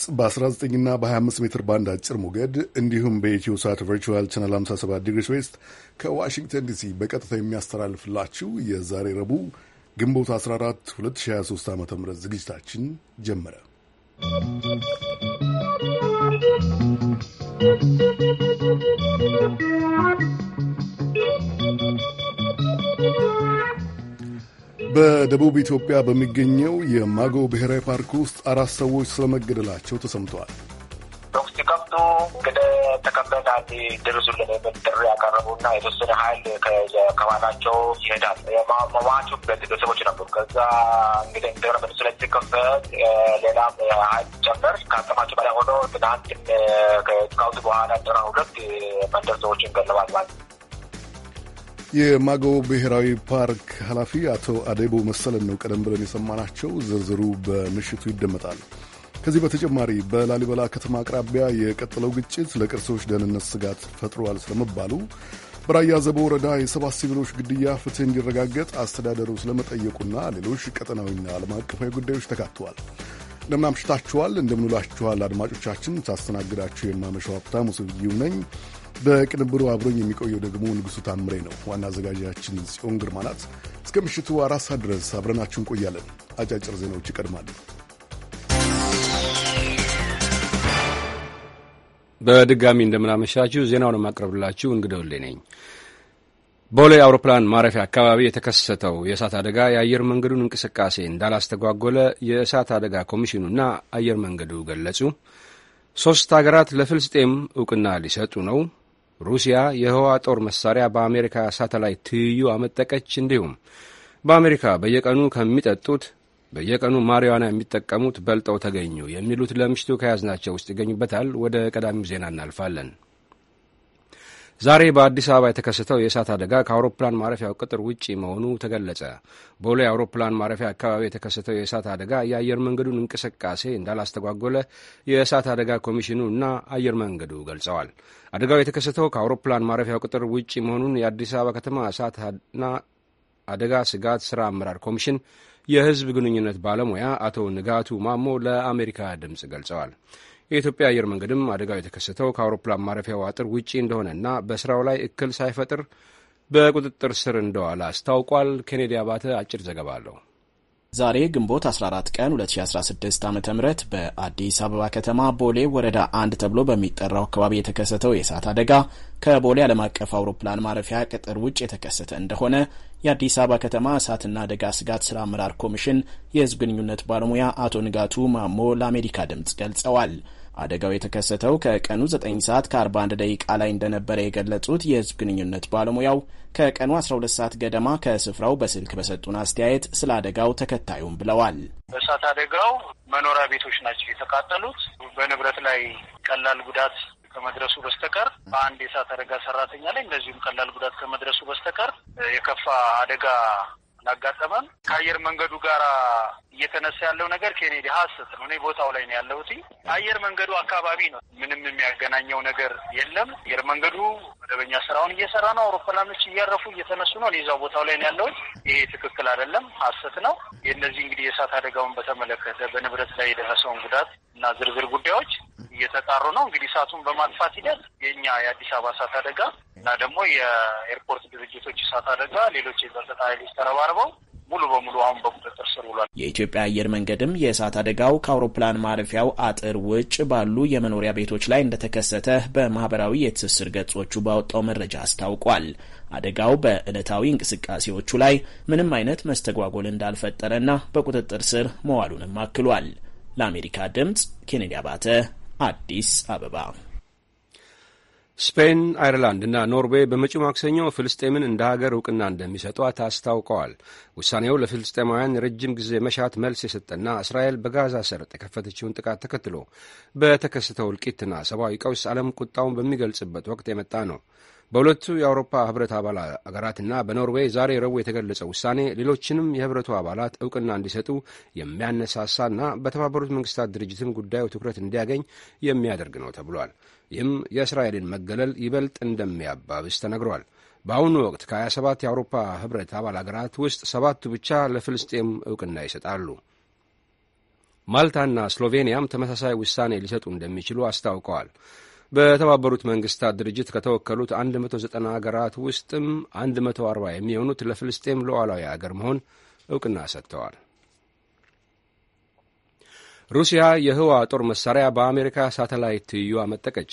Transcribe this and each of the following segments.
ድምፅ በ19ና በ25 ሜትር ባንድ አጭር ሞገድ እንዲሁም በኢትዮ ሳት ቨርቹዋል ቻናል 57 ዲግሪስ ዌስት ከዋሽንግተን ዲሲ በቀጥታ የሚያስተላልፍላችሁ የዛሬ ረቡዕ ግንቦት 14 2023 ዓ ም ዝግጅታችን ጀመረ። ¶¶ በደቡብ ኢትዮጵያ በሚገኘው የማጎ ብሔራዊ ፓርክ ውስጥ አራት ሰዎች ስለመገደላቸው ተሰምተዋል። ተኩስ ሲከፍቱ ገደ ተከበደ አንድ ድረሱልን የሚል ጥሪ ያቀረቡና የተወሰነ ኃይል ከኋላቸው ይሄዳል። መዋቹ ቤተሰቦች ነበሩ። ከዛ እንግዲህ እንደሆነ በሱ ላይ ሲከፈት ሌላም ኃይል ጨመር ከአቅማቸው በላይ ሆኖ ትናንት ከጥቃቱ በኋላ ጥራ ሁለት መንደር ሰዎችን ገለባል ማለት ነው። የማጎ ብሔራዊ ፓርክ ኃላፊ አቶ አዴቦ መሰለን ነው ቀደም ብለን የሰማናቸው። ዝርዝሩ በምሽቱ ይደመጣል። ከዚህ በተጨማሪ በላሊበላ ከተማ አቅራቢያ የቀጠለው ግጭት ለቅርሶች ደህንነት ስጋት ፈጥሯል ስለመባሉ፣ በራያ ዘቦ ወረዳ የሰባት ሲቪሎች ግድያ ፍትህ እንዲረጋገጥ አስተዳደሩ ስለመጠየቁና ሌሎች ቀጠናዊና ዓለም አቀፋዊ ጉዳዮች ተካተዋል። እንደምናምሽታችኋል፣ እንደምንውላችኋል አድማጮቻችን። ታስተናግዳችሁ የማመሻው ሀብታሙ ስዩም ነኝ። በቅንብሩ አብሮኝ የሚቆየው ደግሞ ንጉሡ ታምሬ ነው። ዋና አዘጋጃችን ጽዮን ግርማ ናት። እስከ ምሽቱ አራት ሰዓት ድረስ አብረናችሁ እንቆያለን። አጫጭር ዜናዎች ይቀድማሉ። በድጋሚ እንደምናመሻችሁ ዜናውን ማቅረብላችሁ እንግደውሌ ነኝ። ቦሌ አውሮፕላን ማረፊያ አካባቢ የተከሰተው የእሳት አደጋ የአየር መንገዱን እንቅስቃሴ እንዳላስተጓጎለ የእሳት አደጋ ኮሚሽኑና አየር መንገዱ ገለጹ። ሶስት ሀገራት ለፍልስጤም እውቅና ሊሰጡ ነው። ሩሲያ የህዋ ጦር መሳሪያ በአሜሪካ ሳተላይት ትይዩ አመጠቀች። እንዲሁም በአሜሪካ በየቀኑ ከሚጠጡት በየቀኑ ማሪዋና የሚጠቀሙት በልጠው ተገኙ የሚሉት ለምሽቱ ከያዝናቸው ውስጥ ይገኙበታል። ወደ ቀዳሚው ዜና እናልፋለን። ዛሬ በአዲስ አበባ የተከሰተው የእሳት አደጋ ከአውሮፕላን ማረፊያው ቅጥር ውጪ መሆኑ ተገለጸ። ቦሌ የአውሮፕላን ማረፊያ አካባቢ የተከሰተው የእሳት አደጋ የአየር መንገዱን እንቅስቃሴ እንዳላስተጓጎለ የእሳት አደጋ ኮሚሽኑ እና አየር መንገዱ ገልጸዋል። አደጋው የተከሰተው ከአውሮፕላን ማረፊያው ቅጥር ውጪ መሆኑን የአዲስ አበባ ከተማ እሳትና አደጋ ስጋት ስራ አመራር ኮሚሽን የህዝብ ግንኙነት ባለሙያ አቶ ንጋቱ ማሞ ለአሜሪካ ድምፅ ገልጸዋል። የኢትዮጵያ አየር መንገድም አደጋው የተከሰተው ከአውሮፕላን ማረፊያው አጥር ውጪ እንደሆነና በስራው ላይ እክል ሳይፈጥር በቁጥጥር ስር እንደዋለ አስታውቋል። ኬኔዲ አባተ አጭር ዘገባ አለው። ዛሬ ግንቦት 14 ቀን 2016 ዓ ም በአዲስ አበባ ከተማ ቦሌ ወረዳ አንድ ተብሎ በሚጠራው አካባቢ የተከሰተው የእሳት አደጋ ከቦሌ ዓለም አቀፍ አውሮፕላን ማረፊያ ቅጥር ውጭ የተከሰተ እንደሆነ የአዲስ አበባ ከተማ እሳትና አደጋ ስጋት ስራ አመራር ኮሚሽን የህዝብ ግንኙነት ባለሙያ አቶ ንጋቱ ማሞ ለአሜሪካ ድምፅ ገልጸዋል። አደጋው የተከሰተው ከቀኑ 9 ሰዓት ከ41 ደቂቃ ላይ እንደነበረ የገለጹት የህዝብ ግንኙነት ባለሙያው ከቀኑ 12 ሰዓት ገደማ ከስፍራው በስልክ በሰጡን አስተያየት ስለ አደጋው ተከታዩም ብለዋል። በእሳት አደጋው መኖሪያ ቤቶች ናቸው የተቃጠሉት። በንብረት ላይ ቀላል ጉዳት ከመድረሱ በስተቀር በአንድ የእሳት አደጋ ሰራተኛ ላይ እንደዚሁም ቀላል ጉዳት ከመድረሱ በስተቀር የከፋ አደጋ ያጋጠመን ከአየር መንገዱ ጋር እየተነሳ ያለው ነገር ኬኔዲ ሀሰት ነው። እኔ ቦታው ላይ ነው ያለሁት። አየር መንገዱ አካባቢ ነው፣ ምንም የሚያገናኘው ነገር የለም። አየር መንገዱ መደበኛ ስራውን እየሰራ ነው። አውሮፕላኖች እያረፉ እየተነሱ ነው። እኔ እዛው ቦታው ላይ ነው ያለሁት። ይሄ ትክክል አይደለም፣ ሀሰት ነው። የእነዚህ እንግዲህ የእሳት አደጋውን በተመለከተ በንብረት ላይ የደረሰውን ጉዳት እና ዝርዝር ጉዳዮች እየተጣሩ ነው። እንግዲህ እሳቱን በማጥፋት ሂደት የእኛ የአዲስ አበባ እሳት አደጋ እና ደግሞ የኤርፖርት ድርጅቶች እሳት አደጋ፣ ሌሎች የጸጥታ ኃይሎች ተረባርበው ሙሉ በሙሉ አሁን በቁጥጥር ስር ውሏል። የኢትዮጵያ አየር መንገድም የእሳት አደጋው ከአውሮፕላን ማረፊያው አጥር ውጭ ባሉ የመኖሪያ ቤቶች ላይ እንደተከሰተ በማህበራዊ የትስስር ገጾቹ ባወጣው መረጃ አስታውቋል። አደጋው በዕለታዊ እንቅስቃሴዎቹ ላይ ምንም አይነት መስተጓጎል እንዳልፈጠረና በቁጥጥር ስር መዋሉንም አክሏል። ለአሜሪካ ድምጽ ኬኔዲ አባተ አዲስ አበባ ስፔን፣ አይርላንድ እና ኖርዌይ በመጪው ማክሰኞ ፍልስጤምን እንደ ሀገር እውቅና እንደሚሰጧት አስታውቀዋል። ውሳኔው ለፍልስጤማውያን ረጅም ጊዜ መሻት መልስ የሰጠና እስራኤል በጋዛ ሰርጥ የከፈተችውን ጥቃት ተከትሎ በተከሰተው እልቂትና ሰብአዊ ቀውስ ዓለም ቁጣውን በሚገልጽበት ወቅት የመጣ ነው። በሁለቱ የአውሮፓ ህብረት አባል አገራትና በኖርዌይ ዛሬ ረቡዕ የተገለጸ ውሳኔ ሌሎችንም የህብረቱ አባላት እውቅና እንዲሰጡ የሚያነሳሳና በተባበሩት መንግስታት ድርጅትም ጉዳዩ ትኩረት እንዲያገኝ የሚያደርግ ነው ተብሏል። ይህም የእስራኤልን መገለል ይበልጥ እንደሚያባብስ ተነግሯል። በአሁኑ ወቅት ከ27 የአውሮፓ ህብረት አባል አገራት ውስጥ ሰባቱ ብቻ ለፍልስጤም እውቅና ይሰጣሉ። ማልታና ስሎቬንያም ተመሳሳይ ውሳኔ ሊሰጡ እንደሚችሉ አስታውቀዋል። በተባበሩት መንግስታት ድርጅት ከተወከሉት 190 አገራት ውስጥም 140 የሚሆኑት ለፍልስጤም ሉዓላዊ አገር መሆን እውቅና ሰጥተዋል። ሩሲያ የህዋ ጦር መሳሪያ በአሜሪካ ሳተላይት ትይዩ አመጠቀች።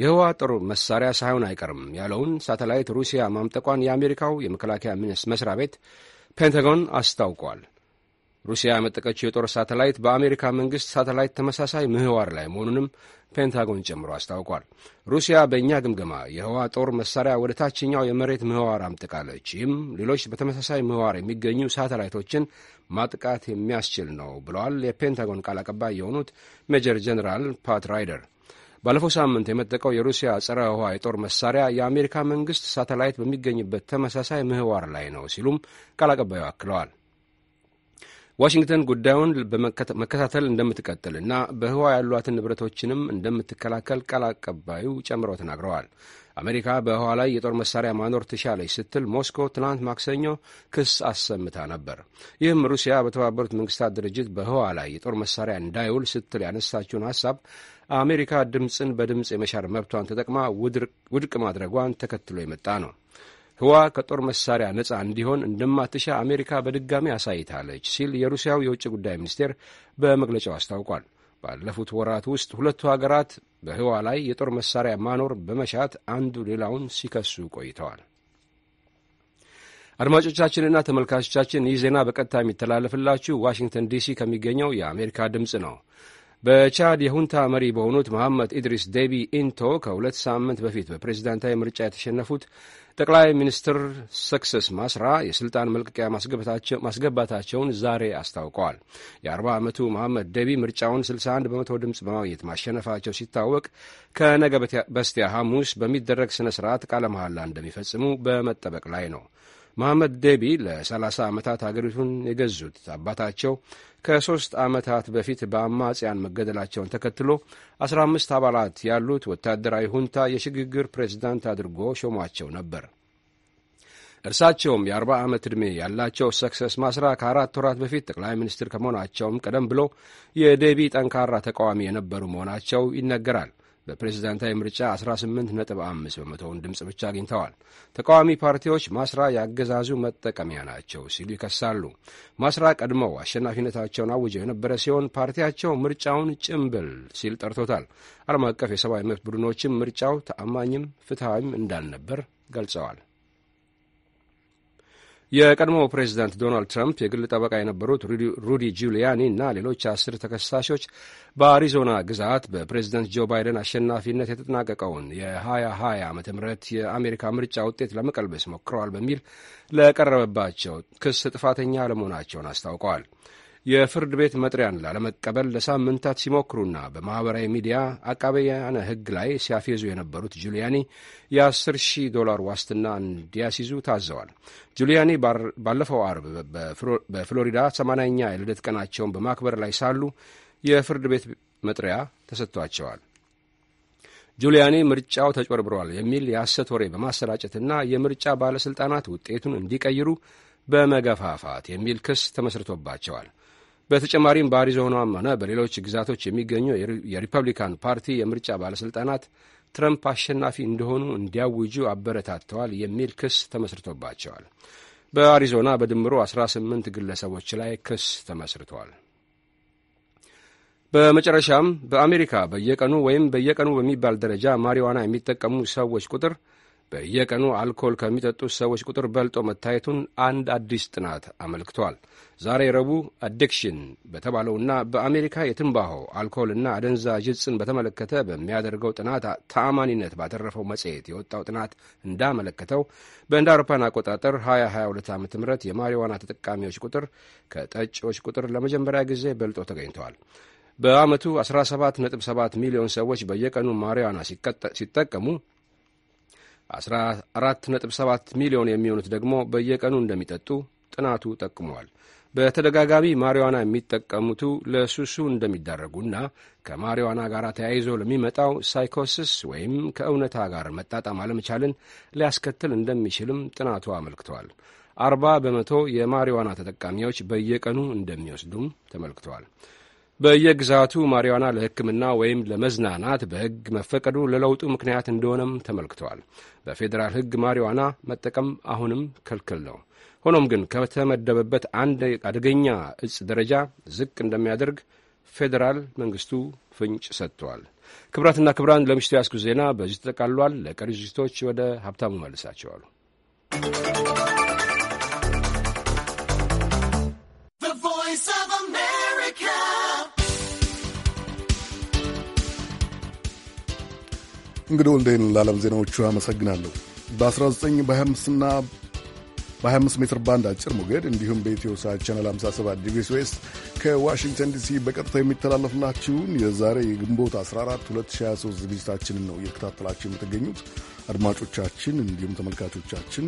የህዋ ጦር መሳሪያ ሳይሆን አይቀርም ያለውን ሳተላይት ሩሲያ ማምጠቋን የአሜሪካው የመከላከያ መስሪያ ቤት ፔንታጎን አስታውቋል። ሩሲያ ያመጠቀችው የጦር ሳተላይት በአሜሪካ መንግሥት ሳተላይት ተመሳሳይ ምህዋር ላይ መሆኑንም ፔንታጎን ጨምሮ አስታውቋል። ሩሲያ በእኛ ግምገማ የህዋ ጦር መሳሪያ ወደ ታችኛው የመሬት ምህዋር አምጥቃለች፣ ይህም ሌሎች በተመሳሳይ ምህዋር የሚገኙ ሳተላይቶችን ማጥቃት የሚያስችል ነው ብለዋል የፔንታጎን ቃል አቀባይ የሆኑት ሜጀር ጀኔራል ፓት ራይደር። ባለፈው ሳምንት የመጠቀው የሩሲያ ጸረ ህዋ የጦር መሳሪያ የአሜሪካ መንግሥት ሳተላይት በሚገኝበት ተመሳሳይ ምህዋር ላይ ነው ሲሉም ቃል አቀባዩ አክለዋል። ዋሽንግተን ጉዳዩን መከታተል እና በህዋ ያሏትን ንብረቶችንም እንደምትከላከል ቃል አቀባዩ ጨምረው ተናግረዋል። አሜሪካ በህዋ ላይ የጦር መሳሪያ ማኖር ትሻለች ስትል ሞስኮ ትናንት ማክሰኞ ክስ አሰምታ ነበር። ይህም ሩሲያ በተባበሩት መንግስታት ድርጅት በህዋ ላይ የጦር መሳሪያ እንዳይውል ስትል ያነሳችውን ሀሳብ አሜሪካ ድምፅን በድምፅ የመሻር መብቷን ተጠቅማ ውድቅ ማድረጓን ተከትሎ የመጣ ነው። ህዋ ከጦር መሳሪያ ነጻ እንዲሆን እንደማትሻ አሜሪካ በድጋሚ አሳይታለች ሲል የሩሲያው የውጭ ጉዳይ ሚኒስቴር በመግለጫው አስታውቋል። ባለፉት ወራት ውስጥ ሁለቱ ሀገራት በህዋ ላይ የጦር መሳሪያ ማኖር በመሻት አንዱ ሌላውን ሲከሱ ቆይተዋል። አድማጮቻችንና ተመልካቾቻችን ይህ ዜና በቀጥታ የሚተላለፍላችሁ ዋሽንግተን ዲሲ ከሚገኘው የአሜሪካ ድምፅ ነው። በቻድ የሁንታ መሪ በሆኑት መሐመድ ኢድሪስ ዴቢ ኢንቶ ከሁለት ሳምንት በፊት በፕሬዚዳንታዊ ምርጫ የተሸነፉት ጠቅላይ ሚኒስትር ሰክሰስ ማስራ የስልጣን መልቀቂያ ማስገባታቸውን ዛሬ አስታውቀዋል። የ40 ዓመቱ መሐመድ ደቢ ምርጫውን 61 በመቶ ድምፅ በማግኘት ማሸነፋቸው ሲታወቅ ከነገ በስቲያ ሐሙስ በሚደረግ ሥነ ሥርዓት ቃለ መሐላ እንደሚፈጽሙ በመጠበቅ ላይ ነው። መሐመድ ደቢ ለ30 ዓመታት አገሪቱን የገዙት አባታቸው ከሶስት ዓመታት በፊት በአማጽያን መገደላቸውን ተከትሎ 15 አባላት ያሉት ወታደራዊ ሁንታ የሽግግር ፕሬዝዳንት አድርጎ ሾሟቸው ነበር። እርሳቸውም የ40 ዓመት ዕድሜ ያላቸው ሰክሰስ ማስራ ከአራት ወራት በፊት ጠቅላይ ሚኒስትር ከመሆናቸውም ቀደም ብሎ የዴቢ ጠንካራ ተቃዋሚ የነበሩ መሆናቸው ይነገራል። በፕሬዝዳንታዊ ምርጫ 18.5 በመቶውን ድምፅ ብቻ አግኝተዋል። ተቃዋሚ ፓርቲዎች ማስራ ያገዛዙ መጠቀሚያ ናቸው ሲሉ ይከሳሉ። ማስራ ቀድመው አሸናፊነታቸውን አውጀው የነበረ ሲሆን ፓርቲያቸው ምርጫውን ጭምብል ሲል ጠርቶታል። ዓለም አቀፍ የሰብአዊ መብት ቡድኖችም ምርጫው ተአማኝም ፍትሐዊም እንዳልነበር ገልጸዋል። የቀድሞው ፕሬዚዳንት ዶናልድ ትራምፕ የግል ጠበቃ የነበሩት ሩዲ ጁሊያኒ እና ሌሎች አስር ተከሳሾች በአሪዞና ግዛት በፕሬዚዳንት ጆ ባይደን አሸናፊነት የተጠናቀቀውን የ2020 ዓ ም የአሜሪካ ምርጫ ውጤት ለመቀልበስ ሞክረዋል በሚል ለቀረበባቸው ክስ ጥፋተኛ አለመሆናቸውን አስታውቀዋል። የፍርድ ቤት መጥሪያን ላለመቀበል ለሳምንታት ሲሞክሩና በማኅበራዊ ሚዲያ አቃቤያነ ሕግ ላይ ሲያፌዙ የነበሩት ጁሊያኒ የ10 ሺህ ዶላር ዋስትና እንዲያስይዙ ታዘዋል። ጁሊያኒ ባለፈው አርብ በፍሎሪዳ 80ኛ የልደት ቀናቸውን በማክበር ላይ ሳሉ የፍርድ ቤት መጥሪያ ተሰጥቷቸዋል። ጁሊያኒ ምርጫው ተጭበርብሯል የሚል የሐሰት ወሬ በማሰራጨትና የምርጫ ባለሥልጣናት ውጤቱን እንዲቀይሩ በመገፋፋት የሚል ክስ ተመስርቶባቸዋል። በተጨማሪም በአሪዞናም ሆነ በሌሎች ግዛቶች የሚገኙ የሪፐብሊካን ፓርቲ የምርጫ ባለሥልጣናት ትረምፕ አሸናፊ እንደሆኑ እንዲያውጁ አበረታተዋል የሚል ክስ ተመስርቶባቸዋል። በአሪዞና በድምሩ 18 ግለሰቦች ላይ ክስ ተመስርቷል። በመጨረሻም በአሜሪካ በየቀኑ ወይም በየቀኑ በሚባል ደረጃ ማሪዋና የሚጠቀሙ ሰዎች ቁጥር በየቀኑ አልኮል ከሚጠጡት ሰዎች ቁጥር በልጦ መታየቱን አንድ አዲስ ጥናት አመልክቷል። ዛሬ ረቡዕ አዲክሽን በተባለውና በአሜሪካ የትንባሆ አልኮልና አደንዛዥ ዕፅን በተመለከተ በሚያደርገው ጥናት ተአማኒነት ባተረፈው መጽሔት የወጣው ጥናት እንዳመለከተው በእንደ አውሮፓን አቆጣጠር 2022 ዓ ም የማሪዋና ተጠቃሚዎች ቁጥር ከጠጪዎች ቁጥር ለመጀመሪያ ጊዜ በልጦ ተገኝተዋል። በአመቱ 17.7 ሚሊዮን ሰዎች በየቀኑ ማሪዋና ሲጠቀሙ 14.7 ሚሊዮን የሚሆኑት ደግሞ በየቀኑ እንደሚጠጡ ጥናቱ ጠቁመዋል። በተደጋጋሚ ማሪዋና የሚጠቀሙቱ ለሱሱ እንደሚዳረጉና ከማሪዋና ጋር ተያይዞ ለሚመጣው ሳይኮሲስ ወይም ከእውነታ ጋር መጣጣም አለመቻልን ሊያስከትል እንደሚችልም ጥናቱ አመልክተዋል። አርባ በመቶ የማሪዋና ተጠቃሚዎች በየቀኑ እንደሚወስዱም ተመልክተዋል። በየግዛቱ ማሪዋና ለሕክምና ወይም ለመዝናናት በሕግ መፈቀዱ ለለውጡ ምክንያት እንደሆነም ተመልክተዋል። በፌዴራል ሕግ ማሪዋና መጠቀም አሁንም ክልክል ነው። ሆኖም ግን ከተመደበበት አንድ አደገኛ እጽ ደረጃ ዝቅ እንደሚያደርግ ፌዴራል መንግስቱ ፍንጭ ሰጥተዋል። ክብራትና ክብራን ለምሽቱ ያስኩ ዜና በዚህ ተጠቃሏል። ለቀሪ ዝግጅቶች ወደ ሀብታሙ መልሳቸዋሉ። እንግዲህ ወልዴን ለዓለም ዜናዎቹ አመሰግናለሁ። በ19 በ25ና በ25 ሜትር ባንድ አጭር ሞገድ እንዲሁም በኢትዮ ሳት ቻናል 57 ዲግሪስ ዌስት ከዋሽንግተን ዲሲ በቀጥታ የሚተላለፍላችሁን የዛሬ የግንቦት 14 2023 ዝግጅታችንን ነው እየተከታተላችሁ የምትገኙት አድማጮቻችን፣ እንዲሁም ተመልካቾቻችን።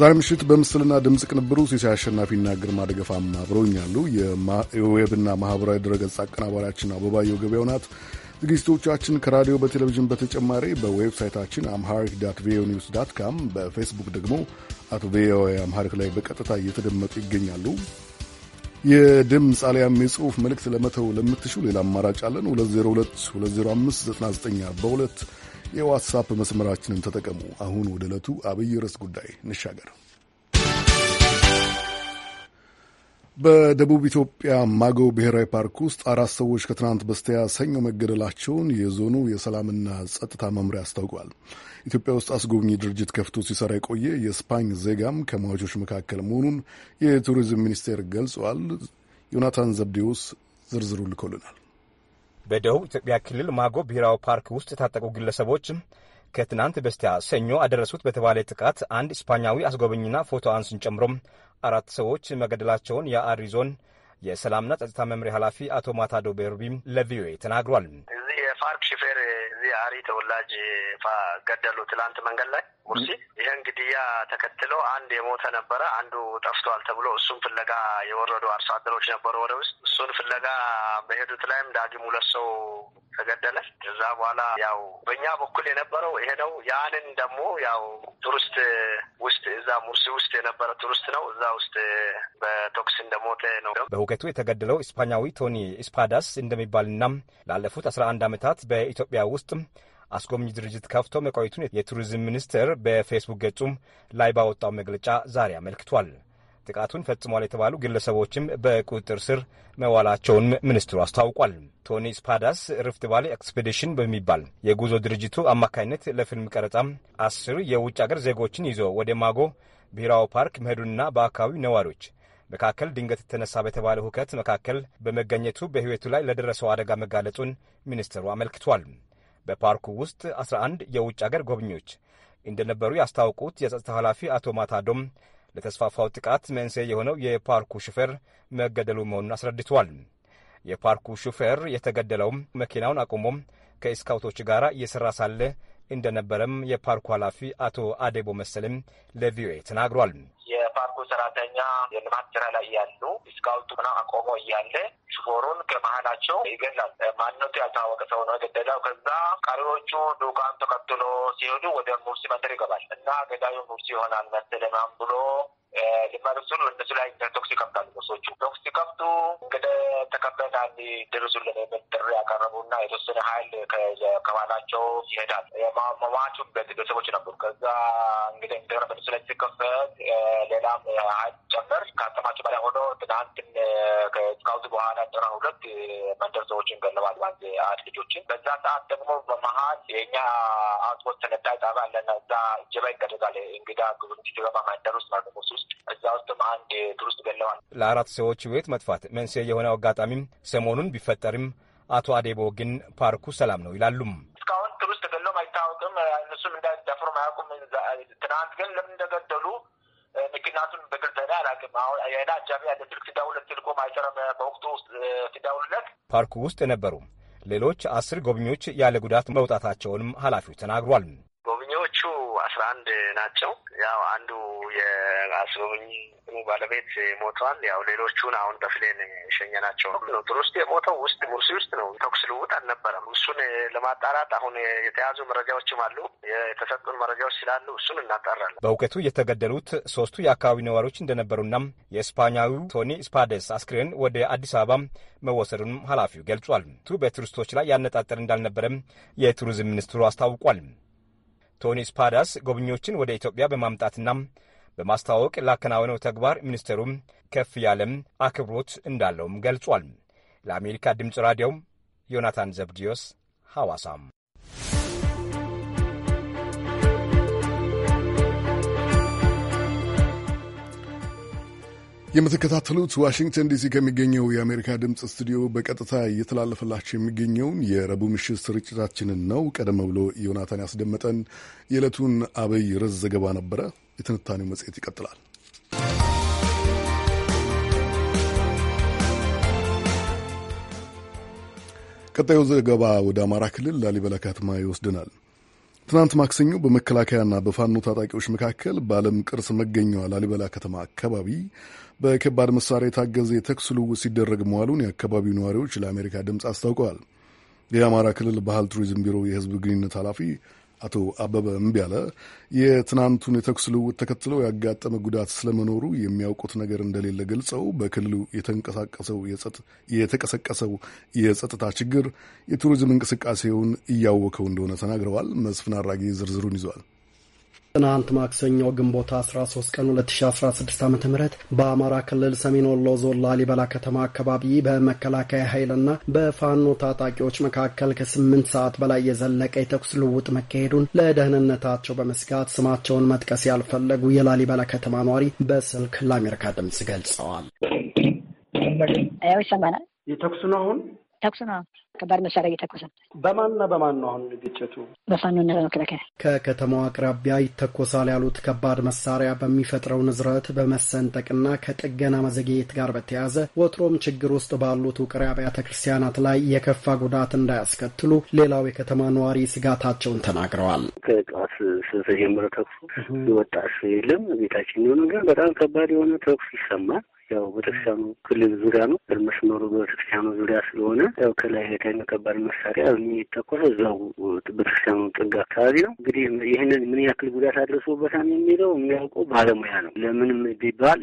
ዛሬ ምሽት በምስልና ድምፅ ቅንብሩ ሲሳይ አሸናፊና ግርማ ደገፋም አብረውኛሉ። የዌብና ማህበራዊ ድረገጽ አቀናባሪያችን አበባየው ገበያው ናት። ዝግጅቶቻችን ከራዲዮ በቴሌቪዥን በተጨማሪ በዌብሳይታችን አምሃሪክ ዳት ቪኦኤ ኒውስ ዳት ካም፣ በፌስቡክ ደግሞ አቶ ቪኦኤ አምሃሪክ ላይ በቀጥታ እየተደመጡ ይገኛሉ። የድምፅ አሊያም የጽሑፍ መልእክት ለመተው ለምትሹ ሌላ አማራጭ አለን። 20220599 በሁለት የዋትሳፕ መስመራችንን ተጠቀሙ። አሁን ወደ ዕለቱ አብይ ርዕስ ጉዳይ እንሻገር። በደቡብ ኢትዮጵያ ማገው ብሔራዊ ፓርክ ውስጥ አራት ሰዎች ከትናንት በስቲያ ሰኞ መገደላቸውን የዞኑ የሰላምና ጸጥታ መምሪያ አስታውቋል። ኢትዮጵያ ውስጥ አስጎብኚ ድርጅት ከፍቶ ሲሰራ የቆየ የስፓኝ ዜጋም ከሟቾች መካከል መሆኑን የቱሪዝም ሚኒስቴር ገልጿል። ዮናታን ዘብዴዎስ ዝርዝሩ ልኮልናል። በደቡብ ኢትዮጵያ ክልል ማጎ ብሔራዊ ፓርክ ውስጥ የታጠቁ ግለሰቦች ከትናንት በስቲያ ሰኞ አደረሱት በተባለ ጥቃት አንድ እስፓኛዊ አስጎበኝና ፎቶ አንስን ጨምሮ አራት ሰዎች መገደላቸውን የአሪ ዞን የሰላምና ጸጥታ መምሪያ ኃላፊ አቶ ማታዶ ቤርቢም ለቪኦኤ ተናግሯል። እዚህ የፋርክ ሽፌር የዚህ አሪ ተወላጅ ገደሉ ትላንት መንገድ ላይ ሙርሲ። ይህን ግድያ ተከትሎ አንድ የሞተ ነበረ፣ አንዱ ጠፍቷል ተብሎ እሱን ፍለጋ የወረዱ አርሶ አደሮች ነበሩ ወደ ውስጥ። እሱን ፍለጋ በሄዱት ላይም ዳግም ሁለት ሰው ተገደለ። ከዛ በኋላ ያው በእኛ በኩል የነበረው ይሄ ነው። ያንን ደግሞ ያው ቱሪስት ውስጥ እዛ ሙርሲ ውስጥ የነበረ ቱሪስት ነው። እዛ ውስጥ በቶክስ እንደሞተ ነው። በውቀቱ የተገደለው ስፓኛዊ ቶኒ ስፓዳስ እንደሚባልና ላለፉት አስራ አንድ አመታት በኢትዮጵያ ውስጥ ውስጥም አስጎብኝ ድርጅት ከፍቶ መቆየቱን የቱሪዝም ሚኒስቴር በፌስቡክ ገጹም ላይ ባወጣው መግለጫ ዛሬ አመልክቷል። ጥቃቱን ፈጽሟል የተባሉ ግለሰቦችም በቁጥጥር ስር መዋላቸውን ሚኒስትሩ አስታውቋል። ቶኒ ስፓዳስ ሪፍት ቫሊ ኤክስፔዲሽን በሚባል የጉዞ ድርጅቱ አማካኝነት ለፊልም ቀረጻም አስር የውጭ አገር ዜጎችን ይዞ ወደ ማጎ ብሔራዊ ፓርክ መሄዱንና በአካባቢው ነዋሪዎች መካከል ድንገት የተነሳ በተባለ ሁከት መካከል በመገኘቱ በሕይወቱ ላይ ለደረሰው አደጋ መጋለጹን ሚኒስትሩ አመልክቷል። በፓርኩ ውስጥ 11 የውጭ አገር ጎብኚዎች እንደነበሩ ያስታውቁት የጸጥታ ኃላፊ አቶ ማታዶም ለተስፋፋው ጥቃት መንስኤ የሆነው የፓርኩ ሹፌር መገደሉ መሆኑን አስረድተዋል። የፓርኩ ሹፌር የተገደለውም መኪናውን አቁሞም ከስካውቶች ጋር እየሠራ ሳለ እንደነበረም የፓርኩ ኃላፊ አቶ አዴቦ መሰልም ለቪኦኤ ተናግሯል። የፓርኩ ሰራተኛ የልማት ስራ ላይ ያሉ ስካውት ና አቆሞ እያለ ሹፌሩን ከመሀላቸው ይገላል። ማንነቱ ያልታወቀ ሰው ነው የገደለው። ከዛ ቀሪዎቹ ዱካን ተከትሎ ሲሄዱ ወደ ሙርሲ መንደር ይገባል እና ገዳዩ ሙርሲ ይሆናል መሰለኝ ምናምን ብሎ ልመርሱን እነሱ ላይ ቶክስ ይከፍታሉ። ሶቹ ቶክስ ሲከፍቱ እንግዲህ ተከበል አንድ ድርሱልን የሚል ጥሪ ያቀረቡና የተወሰነ ሀይል ከባላቸው ይሄዳል። መዋቹ ቤተሰቦች ነበሩ። ከዛ እንግዲህ እንደሆነ በእነሱ ላይ ሲከፈት ሌላም ጨምር ከአቅማቸው በላይ ሆኖ ትናንትን ከስካውት በኋላ ጥራ ሁለት መንደር ሰዎችን ገለባል። ዋንዜ አድ ልጆችን በዛ ሰዓት ደግሞ በመሀል የእኛ አውቶቦስ ተነዳይ ጣባ አለና እዛ እጀባ ይቀደጋል። እንግዳ ጉብኝት ሲገባ መንደር ውስጥ ማርቆስ ውስጥ እዛ ውስጥም አንድ ቱሪስት ገለዋል። ለአራት ሰዎች ህይወት መጥፋት መንስኤ የሆነ አጋጣሚም ሰሞኑን ቢፈጠርም አቶ አዴቦ ግን ፓርኩ ሰላም ነው ይላሉም። እስካሁን ቱሪስት ገለውም አይታወቅም። እነሱም እንዳይደፍሩም አያውቁም። ትናንት ግን ለምን እንደገደሉ ምክንያቱም በግልጽ እኔ አላውቅም። አሁን የእኔ አጃቢ ያለ ስልክ ሲደውልለት ስልኩም አይሰራም። በወቅቱ ውስጥ ሲደውልለት ፓርኩ ውስጥ የነበሩ ሌሎች አስር ጎብኚዎች ያለ ጉዳት መውጣታቸውንም ኃላፊው ተናግሯል። ሌሎቹ አስራ አንድ ናቸው። ያው አንዱ የአስበኝ ባለቤት ሞተዋል። ያው ሌሎቹን አሁን በፍሌን የሸኘናቸው ነው። እንትን ውስጥ የሞተው ውስጥ ሙርሲ ውስጥ ነው። ተኩስ ልውውጥ አልነበረም። እሱን ለማጣራት አሁን የተያዙ መረጃዎችም አሉ። የተሰጡን መረጃዎች ስላሉ እሱን እናጣራለን። በእውቀቱ የተገደሉት ሶስቱ የአካባቢ ነዋሪዎች እንደነበሩና የስፓኛዊው ቶኒ ስፓደስ አስክሬን ወደ አዲስ አበባ መወሰዱንም ኃላፊው ገልጿል። ቱ በቱሪስቶች ላይ ያነጣጠር እንዳልነበረም የቱሪዝም ሚኒስትሩ አስታውቋል። ቶኒ ስፓዳስ ጎብኚዎችን ወደ ኢትዮጵያ በማምጣትና በማስተዋወቅ ላከናወነው ተግባር ሚኒስቴሩም ከፍ ያለም አክብሮት እንዳለውም ገልጿል። ለአሜሪካ ድምፅ ራዲዮም ዮናታን ዘብዲዮስ ሐዋሳም የምትከታተሉት ዋሽንግተን ዲሲ ከሚገኘው የአሜሪካ ድምፅ ስቱዲዮ በቀጥታ እየተላለፈላቸው የሚገኘውን የረቡዕ ምሽት ስርጭታችንን ነው። ቀደም ብሎ ዮናታን ያስደመጠን የዕለቱን አብይ ርዕስ ዘገባ ነበረ። የትንታኔው መጽሔት ይቀጥላል። ቀጣዩ ዘገባ ወደ አማራ ክልል ላሊበላ ከተማ ይወስደናል። ትናንት ማክሰኞ በመከላከያና በፋኖ ታጣቂዎች መካከል በዓለም ቅርስ መገኛዋ ላሊበላ ከተማ አካባቢ በከባድ መሳሪያ የታገዘ የተኩስ ልውውጥ ሲደረግ መዋሉን የአካባቢው ነዋሪዎች ለአሜሪካ ድምፅ አስታውቀዋል። የአማራ ክልል ባህል ቱሪዝም ቢሮ የሕዝብ ግንኙነት ኃላፊ አቶ አበበ እምቢያለ የትናንቱን የተኩስ ልውውጥ ተከትሎ ያጋጠመ ጉዳት ስለመኖሩ የሚያውቁት ነገር እንደሌለ ገልጸው በክልሉ የተንቀሳቀሰው የተቀሰቀሰው የጸጥታ ችግር የቱሪዝም እንቅስቃሴውን እያወከው እንደሆነ ተናግረዋል። መስፍን አራጌ ዝርዝሩን ይዟል። ትናንት ማክሰኞ ግንቦት 13 ቀን 2016 ዓ ም በአማራ ክልል ሰሜን ወሎ ዞን ላሊበላ ከተማ አካባቢ በመከላከያ ኃይልና በፋኖ ታጣቂዎች መካከል ከስምንት ሰዓት በላይ የዘለቀ የተኩስ ልውውጥ መካሄዱን ለደህንነታቸው በመስጋት ስማቸውን መጥቀስ ያልፈለጉ የላሊበላ ከተማ ነዋሪ በስልክ ለአሜሪካ ድምፅ ገልጸዋል። ይሰማናል። የተኩስ ነው አሁን ተኩስ ነው ከባድ መሳሪያ እየተኮሰ በማንና በማን ነው አሁን ግጭቱ? በፋኖና በመከላከያ ከከተማው አቅራቢያ ይተኮሳል ያሉት ከባድ መሳሪያ በሚፈጥረው ንዝረት በመሰንጠቅና ከጥገና መዘግየት ጋር በተያያዘ ወትሮም ችግር ውስጥ ባሉት ውቅር አብያተ ክርስቲያናት ላይ የከፋ ጉዳት እንዳያስከትሉ ሌላው የከተማ ነዋሪ ስጋታቸውን ተናግረዋል። ከጠዋት ስንተጀምረ ተኩሱ ይወጣ የለም ቤታችን የሆነ ነገር በጣም ከባድ የሆነ ተኩስ ይሰማል። ያው ቤተክርስቲያኑ ክልል ዙሪያ ነው። በመስመሩ በቤተክርስቲያኑ ዙሪያ ስለሆነ ያው ከላይ ሄደን ከባድ መሳሪያ የሚተኮሰ እዛው ቤተክርስቲያኑ ጥግ አካባቢ ነው። እንግዲህ ይህንን ምን ያክል ጉዳት አድርሶበታል የሚለው የሚያውቀው ባለሙያ ነው። ለምንም ቢባል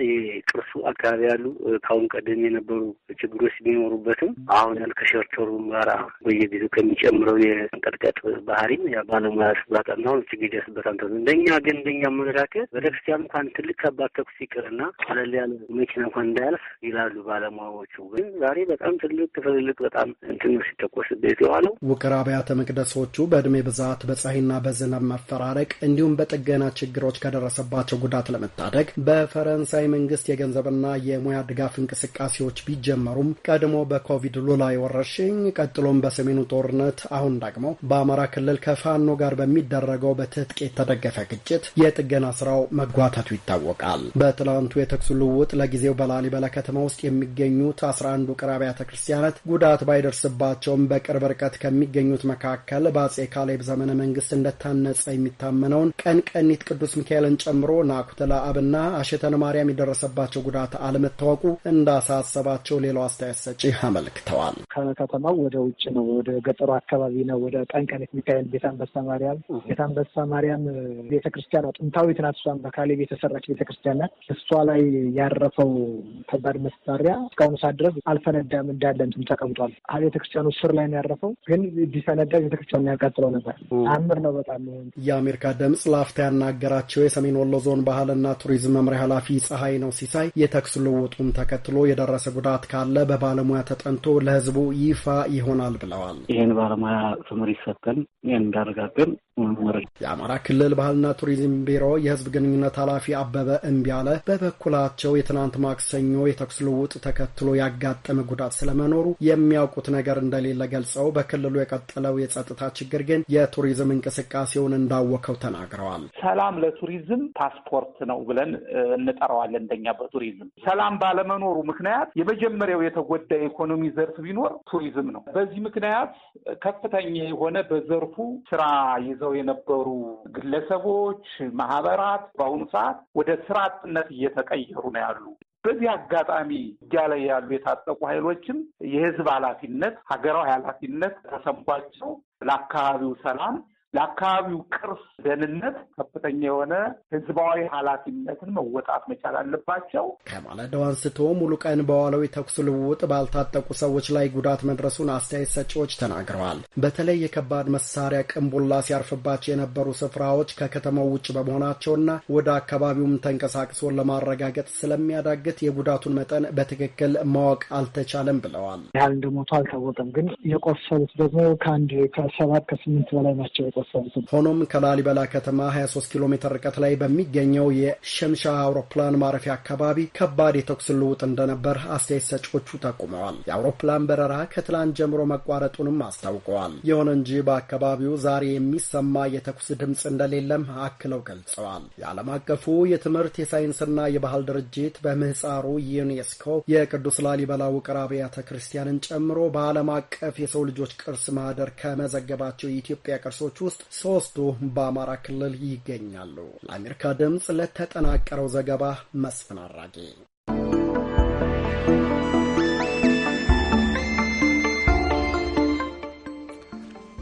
ቅርሱ አካባቢ ያሉ ከአሁን ቀደም የነበሩ ችግሮች ቢኖሩበትም አሁን ያልከሸርቸሩ ጋራ በየጊዜው ከሚጨምረው የመንቀጥቀጥ ባህሪም ያ ባለሙያ ስላጠናው ችግር ይደርስበታል። እንደኛ ግን እንደኛ አመለካከት ቤተክርስቲያኑ እንኳን ትልቅ ከባድ ተኩስ ይቅርና ቀለል ያለ መኪና እንኳ እንዳያልፍ ይላሉ ባለሙያዎቹ። ግን ዛሬ በጣም ትልቅ ትልልቅ በጣም እንትን ሲተኮስ ቤት የዋለው ውቅር አብያተ መቅደሶቹ በእድሜ ብዛት በፀሐይና በዝናብ መፈራረቅ እንዲሁም በጥገና ችግሮች ከደረሰባቸው ጉዳት ለመታደግ በፈረንሳይ መንግስት የገንዘብና የሙያ ድጋፍ እንቅስቃሴዎች ቢጀመሩም ቀድሞ በኮቪድ ሉላይ ወረርሽኝ ቀጥሎም በሰሜኑ ጦርነት አሁን ደግሞ በአማራ ክልል ከፋኖ ጋር በሚደረገው በትጥቅ የተደገፈ ግጭት የጥገና ስራው መጓተቱ ይታወቃል። በትላንቱ የተኩስ ልውውጥ ለጊዜው በ ላሊበላ ከተማ ውስጥ የሚገኙት 11 ውቅር አብያተ ክርስቲያናት ጉዳት ባይደርስባቸውም በቅርብ ርቀት ከሚገኙት መካከል በአጼ ካሌብ ዘመነ መንግስት እንደታነጸ የሚታመነውን ቀንቀኒት ቅዱስ ሚካኤልን ጨምሮ ናኩተ ለአብና አሸተነ ማርያም የደረሰባቸው ጉዳት አለመታወቁ እንዳሳሰባቸው ሌላው አስተያየት ሰጪ አመልክተዋል። ከከተማው ወደ ውጭ ነው፣ ወደ ገጠሩ አካባቢ ነው፣ ወደ ቀንቀኒት ሚካኤል ቤተ አንበሳ ማርያም ቤተ አንበሳ ማርያም ቤተክርስቲያኗ ጥንታዊት ናት። እሷም በካሌብ የተሰራች ቤተክርስቲያን ናት። እሷ ላይ ያረፈው ከባድ መሳሪያ እስካሁን ሰዓት ድረስ አልፈነዳም እንዳለ ተቀምጧል። ቤተክርስቲያኑ ስር ላይ ነው ያረፈው። ግን ቢፈነዳ ቤተክርስቲያኑ ያቃጥለው ነበር። አምር ነው በጣም የአሜሪካ ድምፅ ላፍታ ያናገራቸው የሰሜን ወሎ ዞን ባህልና ቱሪዝም መምሪያ ኃላፊ ፀሐይ ነው ሲሳይ የተኩስ ልውጡን ተከትሎ የደረሰ ጉዳት ካለ በባለሙያ ተጠንቶ ለህዝቡ ይፋ ይሆናል ብለዋል። ይህን ባለሙያ ትምህር ይሰጠን እንዳረጋገን የአማራ ክልል ባህልና ቱሪዝም ቢሮ የህዝብ ግንኙነት ኃላፊ አበበ እምቢ ያለ በበኩላቸው የትናንት ማ ማክሰኞ የተኩስ ልውውጥ ተከትሎ ያጋጠመ ጉዳት ስለመኖሩ የሚያውቁት ነገር እንደሌለ ገልጸው በክልሉ የቀጠለው የጸጥታ ችግር ግን የቱሪዝም እንቅስቃሴውን እንዳወከው ተናግረዋል። ሰላም ለቱሪዝም ፓስፖርት ነው ብለን እንጠራዋለን እንደኛ በቱሪዝም ሰላም ባለመኖሩ ምክንያት የመጀመሪያው የተጎዳ የኢኮኖሚ ዘርፍ ቢኖር ቱሪዝም ነው። በዚህ ምክንያት ከፍተኛ የሆነ በዘርፉ ስራ ይዘው የነበሩ ግለሰቦች፣ ማህበራት በአሁኑ ሰዓት ወደ ስራ አጥነት እየተቀየሩ ነው ያሉ። በዚህ አጋጣሚ እጃ ላይ ያሉ የታጠቁ ኃይሎችም የህዝብ ኃላፊነት ሀገራዊ ኃላፊነት ተሰምቷቸው ለአካባቢው ሰላም ለአካባቢው ቅርስ ደህንነት ከፍተኛ የሆነ ህዝባዊ ኃላፊነትን መወጣት መቻል አለባቸው። ከማለዳው አንስቶ ሙሉ ቀን በዋለው የተኩስ ልውውጥ ባልታጠቁ ሰዎች ላይ ጉዳት መድረሱን አስተያየት ሰጪዎች ተናግረዋል። በተለይ የከባድ መሳሪያ ቅንቡላ ሲያርፍባቸው የነበሩ ስፍራዎች ከከተማው ውጭ በመሆናቸውና ወደ አካባቢውም ተንቀሳቅሶ ለማረጋገጥ ስለሚያዳግት የጉዳቱን መጠን በትክክል ማወቅ አልተቻለም ብለዋል። ያህል እንደሞቱ አልታወቀም፣ ግን የቆሰሉት ደግሞ ከአንድ ከሰባት ከስምንት በላይ ናቸው። የተወሰዱትም። ሆኖም ከላሊበላ ከተማ 23 ኪሎ ሜትር ርቀት ላይ በሚገኘው የሸምሻ አውሮፕላን ማረፊያ አካባቢ ከባድ የተኩስ ልውጥ እንደነበር አስተያየት ሰጪዎቹ ጠቁመዋል። የአውሮፕላን በረራ ከትላንት ጀምሮ መቋረጡንም አስታውቀዋል። ይሁን እንጂ በአካባቢው ዛሬ የሚሰማ የተኩስ ድምፅ እንደሌለም አክለው ገልጸዋል። የዓለም አቀፉ የትምህርት የሳይንስና የባህል ድርጅት በምህፃሩ ዩኔስኮ የቅዱስ ላሊበላ ውቅር አብያተ ክርስቲያንን ጨምሮ በዓለም አቀፍ የሰው ልጆች ቅርስ ማህደር ከመዘገባቸው የኢትዮጵያ ቅርሶች። ውስጥ ሶስቱ በአማራ ክልል ይገኛሉ። ለአሜሪካ ድምፅ ለተጠናቀረው ዘገባ መስፍን አራጌ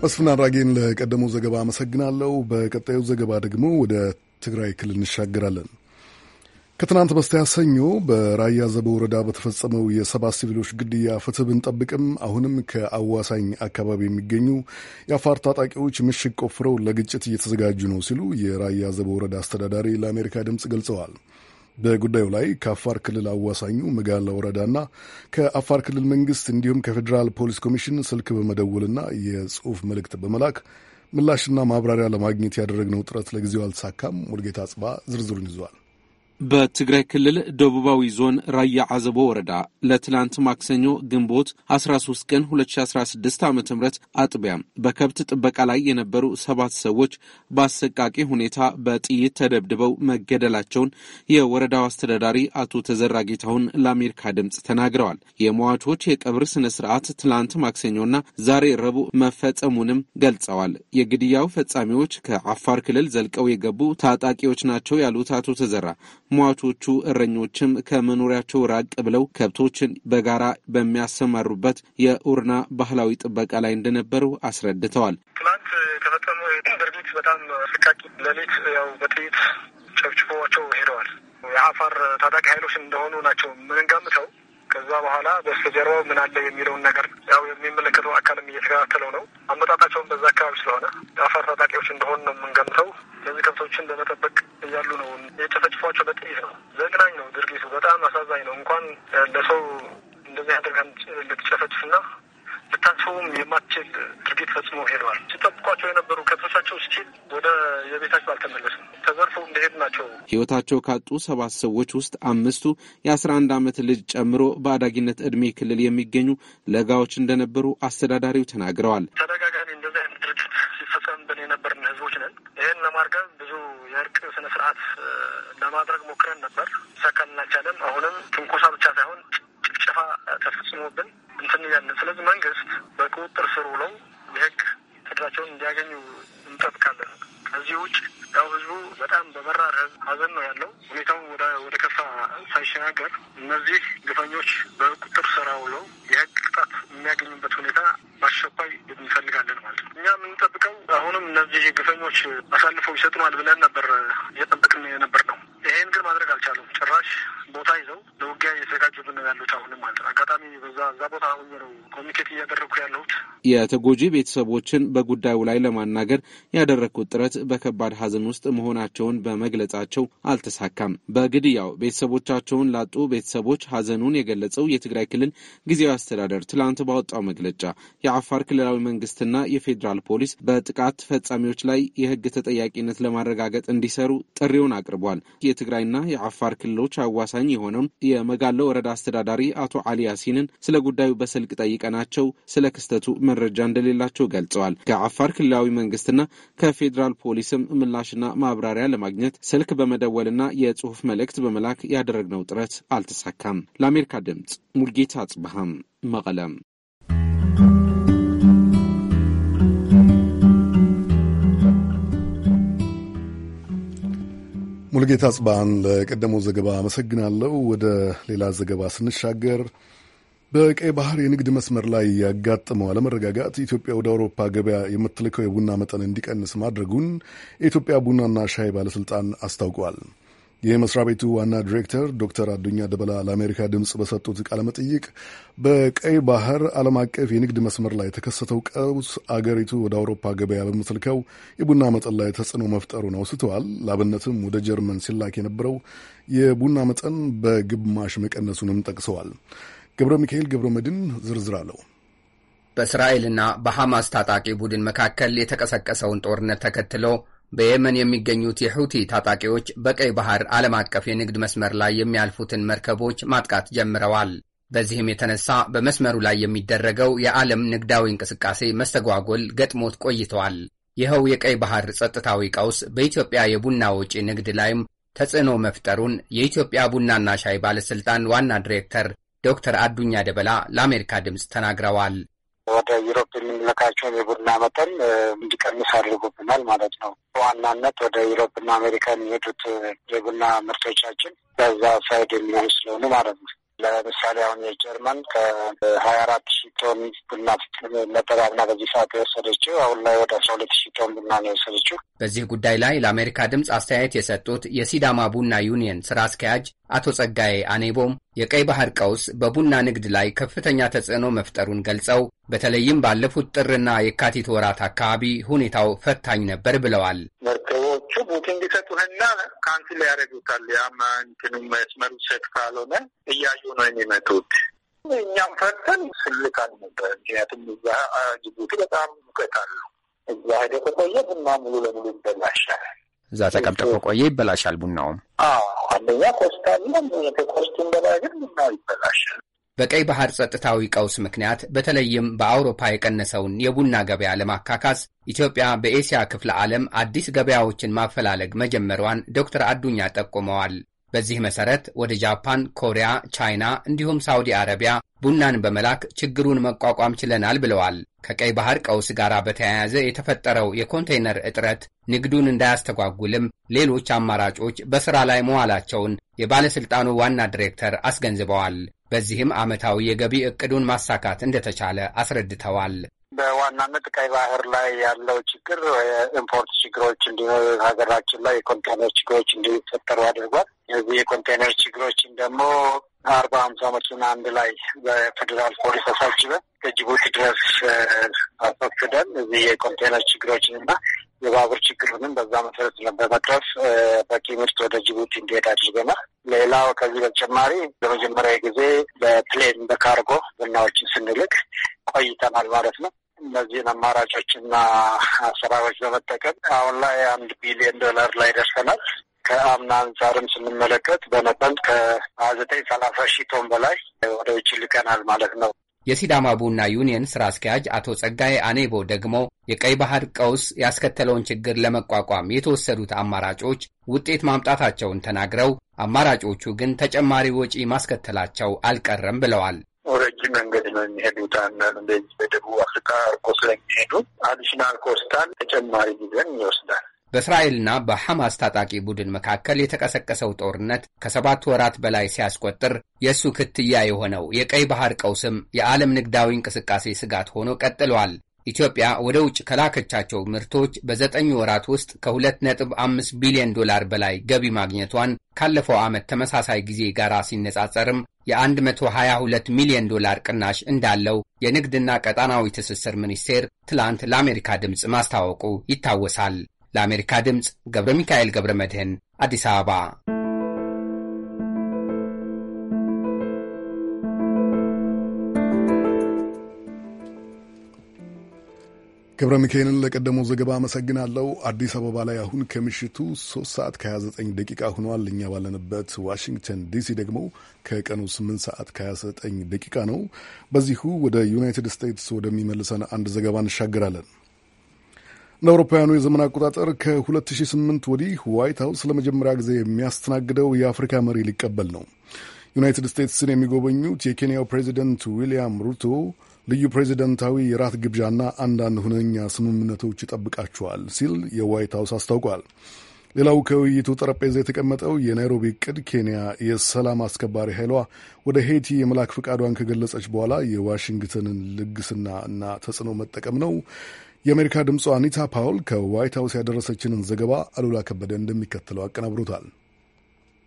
መስፍን አድራጌን ለቀደመው ዘገባ አመሰግናለሁ። በቀጣዩ ዘገባ ደግሞ ወደ ትግራይ ክልል እንሻገራለን። ከትናንት በስቲያ ሰኞ በራያ ዘበ ወረዳ በተፈጸመው የሰባት ሲቪሎች ግድያ ፍትህ ብንጠብቅም አሁንም ከአዋሳኝ አካባቢ የሚገኙ የአፋር ታጣቂዎች ምሽግ ቆፍረው ለግጭት እየተዘጋጁ ነው ሲሉ የራያ ዘበ ወረዳ አስተዳዳሪ ለአሜሪካ ድምፅ ገልጸዋል። በጉዳዩ ላይ ከአፋር ክልል አዋሳኙ መጋላ ወረዳና ከአፋር ክልል መንግስት እንዲሁም ከፌዴራል ፖሊስ ኮሚሽን ስልክ በመደወልና የጽሑፍ መልእክት በመላክ ምላሽና ማብራሪያ ለማግኘት ያደረግነው ጥረት ለጊዜው አልተሳካም። ሙልጌታ ጽባ ዝርዝሩን ይዟል። በትግራይ ክልል ደቡባዊ ዞን ራያ አዘቦ ወረዳ ለትላንት ማክሰኞ ግንቦት 13 ቀን 2016 ዓ ም አጥቢያ በከብት ጥበቃ ላይ የነበሩ ሰባት ሰዎች በአሰቃቂ ሁኔታ በጥይት ተደብድበው መገደላቸውን የወረዳው አስተዳዳሪ አቶ ተዘራ ጌታሁን ለአሜሪካ ድምፅ ተናግረዋል። የሟቾች የቀብር ስነ ስርዓት ትላንት ማክሰኞና ዛሬ ረቡዕ መፈጸሙንም ገልጸዋል። የግድያው ፈጻሚዎች ከአፋር ክልል ዘልቀው የገቡ ታጣቂዎች ናቸው ያሉት አቶ ተዘራ ሟቾቹ እረኞችም ከመኖሪያቸው ራቅ ብለው ከብቶችን በጋራ በሚያሰማሩበት የኡርና ባህላዊ ጥበቃ ላይ እንደነበሩ አስረድተዋል። ትናንት የተፈጸመው ድርጊት በጣም አስቃቂ፣ ሌሊት ያው በጥይት ጨብጭበዋቸው ሄደዋል። የአፋር ታጣቂ ኃይሎች እንደሆኑ ናቸው ምንገምተው። ከዛ በኋላ በስተጀርባው ምን አለ የሚለውን ነገር ያው የሚመለከተው አካልም እየተከታተለው ነው። አመጣጣቸውን በዛ አካባቢ ስለሆነ የአፋር ታጣቂዎች እንደሆኑ ነው የምንገምተው። እነዚህ ከብቶችን በመጠበቅ እያሉ ነው የጨፈጭፏቸው በጥይት ነው። ዘግናኝ ነው ድርጊቱ፣ በጣም አሳዛኝ ነው። እንኳን ለሰው እንደዚህ አድርገን ልትጨፈጭፍና ልታስበውም የማትችል ድርጊት ፈጽሞ ሄደዋል። ሲጠብቋቸው የነበሩ ከብቶቻቸው ስቲል ወደ የቤታቸው አልተመለሱም። ናቸው። ህይወታቸው ካጡ ሰባት ሰዎች ውስጥ አምስቱ የአስራ አንድ ዓመት ልጅ ጨምሮ በአዳጊነት ዕድሜ ክልል የሚገኙ ለጋዎች እንደነበሩ አስተዳዳሪው ተናግረዋል። ተደጋጋሚ በማርገብ ብዙ የእርቅ ስነ ስርዓት ለማድረግ ሞክረን ነበር። ሳካልን እናቻለን። አሁንም ትንኮሳ ብቻ ሳይሆን ጭፍጨፋ ተፈጽሞብን እንትን እያለን፣ ስለዚህ መንግስት በቁጥጥር ስር ውለው የህግ ፍርዳቸውን እንዲያገኙ እንጠብቃለን። ከዚህ ውጭ ያው ህዝቡ በጣም በመራር ሀዘን ነው ያለው። ሁኔታው ወደ ከፋ ሳይሸጋገር እነዚህ ግፈኞች በቁጥር ስራ ውለው የህግ ቅጣት የሚያገኙበት ሁኔታ በአስቸኳይ እንፈልጋለን ማለት ነው። እኛ የምንጠብቀው አሁንም እነዚህ ግፈኞች አሳልፈው ይሰጡናል ብለን ነበር እየጠበቅን የነበር ነው። ይሄን ግን ማድረግ አልቻሉም። ጭራሽ ቦታ ይዘው ለውጊያ እየተዘጋጁብን ነው ያሉት። አሁንም ማለት አጋጣሚ በዛ እዛ ቦታ አሁን ነው ኮሚኒኬት እያደረግኩ ያለሁት። የተጎጂ ቤተሰቦችን በጉዳዩ ላይ ለማናገር ያደረግኩት ጥረት በከባድ ሐዘን ውስጥ መሆናቸውን በመግለጻቸው አልተሳካም። በግድያው ቤተሰቦቻቸውን ላጡ ቤተሰቦች ሐዘኑን የገለጸው የትግራይ ክልል ጊዜያዊ አስተዳደር ትላንት ባወጣው መግለጫ የአፋር ክልላዊ መንግስትና የፌዴራል ፖሊስ በጥቃት ፈጻሚዎች ላይ የህግ ተጠያቂነት ለማረጋገጥ እንዲሰሩ ጥሪውን አቅርቧል። የትግራይና የአፋር ክልሎች አዋሳኝ የሆነው የመጋለ ወረዳ አስተዳዳሪ አቶ አሊ ያሲንን ስለ ጉዳዩ በስልክ ጠይቀናቸው ስለ ክስተቱ መረጃ እንደሌላቸው ገልጸዋል። ከአፋር ክልላዊ መንግስትና ከፌዴራል ፖሊስም ምላሽና ማብራሪያ ለማግኘት ስልክ በመደወልና የጽሁፍ መልእክት በመላክ ያደረግነው ጥረት አልተሳካም። ለአሜሪካ ድምጽ ሙልጌታ አጽብሃም መቀለም ሙልጌታ ጽባን ለቀደመው ዘገባ አመሰግናለሁ። ወደ ሌላ ዘገባ ስንሻገር በቀይ ባህር የንግድ መስመር ላይ ያጋጠመው አለመረጋጋት ኢትዮጵያ ወደ አውሮፓ ገበያ የምትልከው የቡና መጠን እንዲቀንስ ማድረጉን የኢትዮጵያ ቡናና ሻይ ባለስልጣን አስታውቋል። የመስሪያ ቤቱ ዋና ዲሬክተር ዶክተር አዱኛ ደበላ ለአሜሪካ ድምፅ በሰጡት መጠይቅ በቀይ ባህር ዓለም አቀፍ የንግድ መስመር ላይ የተከሰተው ቀውስ አገሪቱ ወደ አውሮፓ ገበያ በምትልከው የቡና መጠን ላይ ተጽዕኖ መፍጠሩን አውስተዋል። ላብነትም ወደ ጀርመን ሲላክ የነበረው የቡና መጠን በግማሽ መቀነሱንም ጠቅሰዋል። ገብረ ሚካኤል ገብረ መድን ዝርዝር አለው። በእስራኤልና በሐማስ ታጣቂ ቡድን መካከል የተቀሰቀሰውን ጦርነት ተከትሎ በየመን የሚገኙት የሑቲ ታጣቂዎች በቀይ ባህር ዓለም አቀፍ የንግድ መስመር ላይ የሚያልፉትን መርከቦች ማጥቃት ጀምረዋል። በዚህም የተነሳ በመስመሩ ላይ የሚደረገው የዓለም ንግዳዊ እንቅስቃሴ መስተጓጎል ገጥሞት ቆይተዋል። ይኸው የቀይ ባህር ጸጥታዊ ቀውስ በኢትዮጵያ የቡና ወጪ ንግድ ላይም ተጽዕኖ መፍጠሩን የኢትዮጵያ ቡናና ሻይ ባለሥልጣን ዋና ዲሬክተር ዶክተር አዱኛ ደበላ ለአሜሪካ ድምፅ ተናግረዋል። ወደ ዩሮፕ የምንልካቸውን የቡና መጠን እንዲቀንስ አድርጎብናል ማለት ነው። በዋናነት ወደ ዩሮፕና አሜሪካ የሚሄዱት የቡና ምርቶቻችን በዛ ሳይድ የሚሆኑ ስለሆኑ ማለት ነው። ለምሳሌ አሁን የጀርመን ከሀያ አራት ሺ ቶን ቡና መጠባብና በዚህ ሰዓት የወሰደችው አሁን ላይ ወደ አስራ ሁለት ሺ ቶን ቡና ነው የወሰደችው። በዚህ ጉዳይ ላይ ለአሜሪካ ድምፅ አስተያየት የሰጡት የሲዳማ ቡና ዩኒየን ስራ አስኪያጅ አቶ ጸጋዬ አኔቦም የቀይ ባህር ቀውስ በቡና ንግድ ላይ ከፍተኛ ተጽዕኖ መፍጠሩን ገልጸው በተለይም ባለፉት ጥርና የካቲት ወራት አካባቢ ሁኔታው ፈታኝ ነበር ብለዋል። መርከቡ ሰዎቹ ቡቲንግ ይሰጡህና ካንስል ያደርጉታል። ያም እንትኑም መስመሩ ሴት ካልሆነ እያዩ ነው የሚመጡት። እኛም ፈርተን ስልክ አልነበር። ምክንያቱም እዛ ጅቡቲ በጣም ሙቀት አሉ። እዛ ሄደ ከቆየ ቡና ሙሉ ለሙሉ ይበላሻል። እዛ ተቀምጦ ከቆየ ይበላሻል ቡናውም። አንደኛ ኮስት አለ። ከኮስቱም በላይ ግን ቡናው ይበላሻል። በቀይ ባህር ጸጥታዊ ቀውስ ምክንያት በተለይም በአውሮፓ የቀነሰውን የቡና ገበያ ለማካካስ ኢትዮጵያ በኤስያ ክፍለ ዓለም አዲስ ገበያዎችን ማፈላለግ መጀመሯን ዶክተር አዱኛ ጠቁመዋል። በዚህ መሰረት ወደ ጃፓን፣ ኮሪያ፣ ቻይና እንዲሁም ሳውዲ አረቢያ ቡናን በመላክ ችግሩን መቋቋም ችለናል ብለዋል። ከቀይ ባህር ቀውስ ጋር በተያያዘ የተፈጠረው የኮንቴይነር እጥረት ንግዱን እንዳያስተጓጉልም ሌሎች አማራጮች በሥራ ላይ መዋላቸውን የባለሥልጣኑ ዋና ዲሬክተር አስገንዝበዋል። በዚህም ዓመታዊ የገቢ እቅዱን ማሳካት እንደተቻለ አስረድተዋል። በዋናነት ቀይ ባህር ላይ ያለው ችግር ኢምፖርት ችግሮች እንዲኖር ሀገራችን ላይ የኮንቴነር ችግሮች እንዲፈጠሩ አድርጓል። እዚህ የኮንቴነር ችግሮችን ደግሞ አርባ አምሳ መኪና አንድ ላይ በፌዴራል ፖሊስ አሳጅበን ከጅቡቲ ድረስ አስወስደን እዚህ የኮንቴነር ችግሮችን እና የባቡር ችግርንም በዛ መሰረት በመቅረፍ በቂ ምርት ወደ ጅቡቲ እንዲሄድ አድርገናል። ሌላው ከዚህ በተጨማሪ ለመጀመሪያ ጊዜ በፕሌን በካርጎ ቡናዎችን ስንልክ ቆይተናል ማለት ነው። እነዚህን አማራጮችና አሰራሮች በመጠቀም አሁን ላይ አንድ ቢሊዮን ዶላር ላይ ደርሰናል። ከአምና አንጻርም ስንመለከት በመጠን ከሀያ ዘጠኝ ሰላሳ ሺህ ቶን በላይ ወደ ውጭ ልከናል ማለት ነው። የሲዳማ ቡና ዩኒየን ስራ አስኪያጅ አቶ ጸጋዬ አኔቦ ደግሞ የቀይ ባህር ቀውስ ያስከተለውን ችግር ለመቋቋም የተወሰዱት አማራጮች ውጤት ማምጣታቸውን ተናግረው አማራጮቹ ግን ተጨማሪ ወጪ ማስከተላቸው አልቀረም ብለዋል። ረጅም መንገድ ነው የሚሄዱት። እንደዚህ በደቡብ አፍሪካ አርቆ ስለሚሄዱ አዲሽናል ኮስታል ተጨማሪ ጊዜን ይወስዳል። በእስራኤልና በሐማስ ታጣቂ ቡድን መካከል የተቀሰቀሰው ጦርነት ከሰባት ወራት በላይ ሲያስቆጥር የእሱ ክትያ የሆነው የቀይ ባህር ቀውስም የዓለም ንግዳዊ እንቅስቃሴ ስጋት ሆኖ ቀጥሏል። ኢትዮጵያ ወደ ውጭ ከላከቻቸው ምርቶች በዘጠኝ ወራት ውስጥ ከ2.5 ቢሊዮን ዶላር በላይ ገቢ ማግኘቷን ካለፈው ዓመት ተመሳሳይ ጊዜ ጋር ሲነጻጸርም የ122 ሚሊዮን ዶላር ቅናሽ እንዳለው የንግድና ቀጣናዊ ትስስር ሚኒስቴር ትላንት ለአሜሪካ ድምፅ ማስታወቁ ይታወሳል። ለአሜሪካ ድምፅ ገብረ ሚካኤል ገብረ መድህን አዲስ አበባ። ገብረ ሚካኤልን ለቀደመው ዘገባ አመሰግናለሁ። አዲስ አበባ ላይ አሁን ከምሽቱ 3 ሰዓት ከ29 ደቂቃ ሆኗል። እኛ ባለንበት ዋሽንግተን ዲሲ ደግሞ ከቀኑ 8 ሰዓት ከ29 ደቂቃ ነው። በዚሁ ወደ ዩናይትድ ስቴትስ ወደሚመልሰን አንድ ዘገባ እንሻገራለን። እንደ አውሮፓውያኑ የዘመን አቆጣጠር ከ2008 ወዲህ ዋይት ሀውስ ለመጀመሪያ ጊዜ የሚያስተናግደው የአፍሪካ መሪ ሊቀበል ነው። ዩናይትድ ስቴትስን የሚጎበኙት የኬንያው ፕሬዚደንት ዊልያም ሩቶ ልዩ ፕሬዚደንታዊ የራት ግብዣና አንዳንድ ሁነኛ ስምምነቶች ይጠብቃቸዋል ሲል የዋይት ሀውስ አስታውቋል። ሌላው ከውይይቱ ጠረጴዛ የተቀመጠው የናይሮቢ እቅድ ኬንያ የሰላም አስከባሪ ኃይሏ ወደ ሄይቲ የመላክ ፈቃዷን ከገለጸች በኋላ የዋሽንግተንን ልግስና እና ተጽዕኖ መጠቀም ነው። የአሜሪካ ድምጿ አኒታ ፓውል ከዋይት ሀውስ ያደረሰችንን ዘገባ አሉላ ከበደ እንደሚከተለው አቀናብሮታል።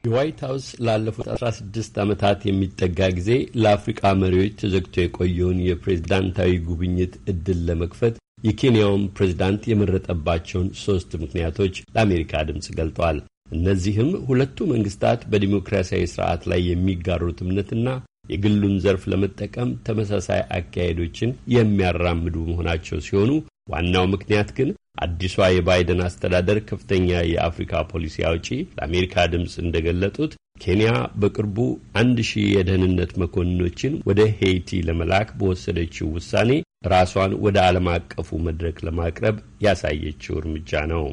የዋይት ሀውስ ላለፉት 16 ዓመታት የሚጠጋ ጊዜ ለአፍሪቃ መሪዎች ተዘግቶ የቆየውን የፕሬዝዳንታዊ ጉብኝት እድል ለመክፈት የኬንያውን ፕሬዝዳንት የመረጠባቸውን ሦስት ምክንያቶች ለአሜሪካ ድምፅ ገልጠዋል። እነዚህም ሁለቱ መንግስታት በዲሞክራሲያዊ ስርዓት ላይ የሚጋሩት እምነትና የግሉን ዘርፍ ለመጠቀም ተመሳሳይ አካሄዶችን የሚያራምዱ መሆናቸው ሲሆኑ ዋናው ምክንያት ግን አዲሷ የባይደን አስተዳደር ከፍተኛ የአፍሪካ ፖሊሲ አውጪ ለአሜሪካ ድምፅ እንደገለጡት ኬንያ በቅርቡ አንድ ሺህ የደህንነት መኮንኖችን ወደ ሄይቲ ለመላክ በወሰደችው ውሳኔ ራሷን ወደ ዓለም አቀፉ መድረክ ለማቅረብ ያሳየችው እርምጃ ነው።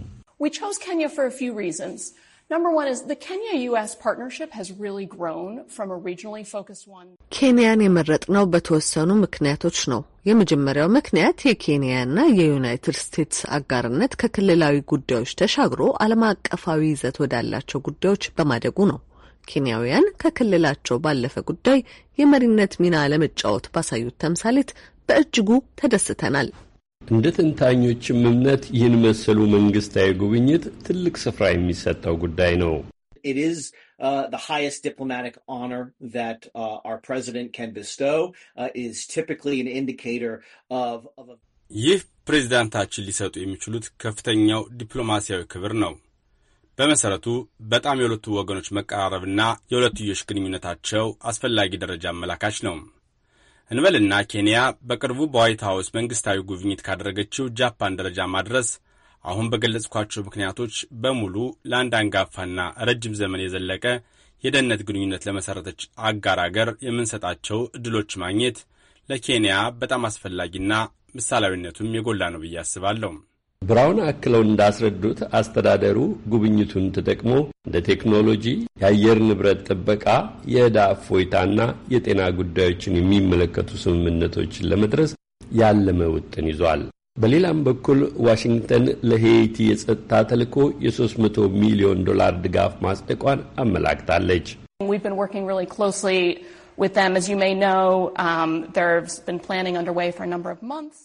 We chose Kenya for a few reasons. Number one is the Kenya-US partnership has really grown from a regionally focused one. ኬንያን የመረጥነው በተወሰኑ ምክንያቶች ነው። የመጀመሪያው ምክንያት የኬንያና የዩናይትድ ስቴትስ አጋርነት ከክልላዊ ጉዳዮች ተሻግሮ ዓለም አቀፋዊ ይዘት ወዳላቸው ጉዳዮች በማደጉ ነው። ኬንያውያን ከክልላቸው ባለፈ ጉዳይ የመሪነት ሚና ለመጫወት ባሳዩት ተምሳሌት በእጅጉ ተደስተናል። እንደ ተንታኞችም እምነት ይህን መሰሉ መንግስታዊ ጉብኝት ትልቅ ስፍራ የሚሰጠው ጉዳይ ነው። uh, uh, uh, ይህ ፕሬዚዳንታችን ሊሰጡ የሚችሉት ከፍተኛው ዲፕሎማሲያዊ ክብር ነው። በመሰረቱ በጣም የሁለቱ ወገኖች መቀራረብና የሁለትዮሽ ግንኙነታቸው አስፈላጊ ደረጃ አመላካች ነው። እንበልና ኬንያ በቅርቡ በዋይት ሀውስ መንግሥታዊ ጉብኝት ካደረገችው ጃፓን ደረጃ ማድረስ አሁን በገለጽኳቸው ምክንያቶች በሙሉ ለአንድ አንጋፋና ረጅም ዘመን የዘለቀ የደህንነት ግንኙነት ለመሠረተች አጋር አገር የምንሰጣቸው እድሎች ማግኘት ለኬንያ በጣም አስፈላጊና ምሳሌያዊነቱም የጎላ ነው ብዬ አስባለሁ። ብራውን አክለው እንዳስረዱት አስተዳደሩ ጉብኝቱን ተጠቅሞ እንደ ቴክኖሎጂ፣ የአየር ንብረት ጥበቃ፣ የዕዳ እፎይታና የጤና ጉዳዮችን የሚመለከቱ ስምምነቶችን ለመድረስ ያለመ ውጥን ይዟል። በሌላም በኩል ዋሽንግተን ለሄይቲ የጸጥታ ተልዕኮ የ300 ሚሊዮን ዶላር ድጋፍ ማጽደቋን አመላክታለች። With them, as you may know, um, there's been planning underway for a number of months.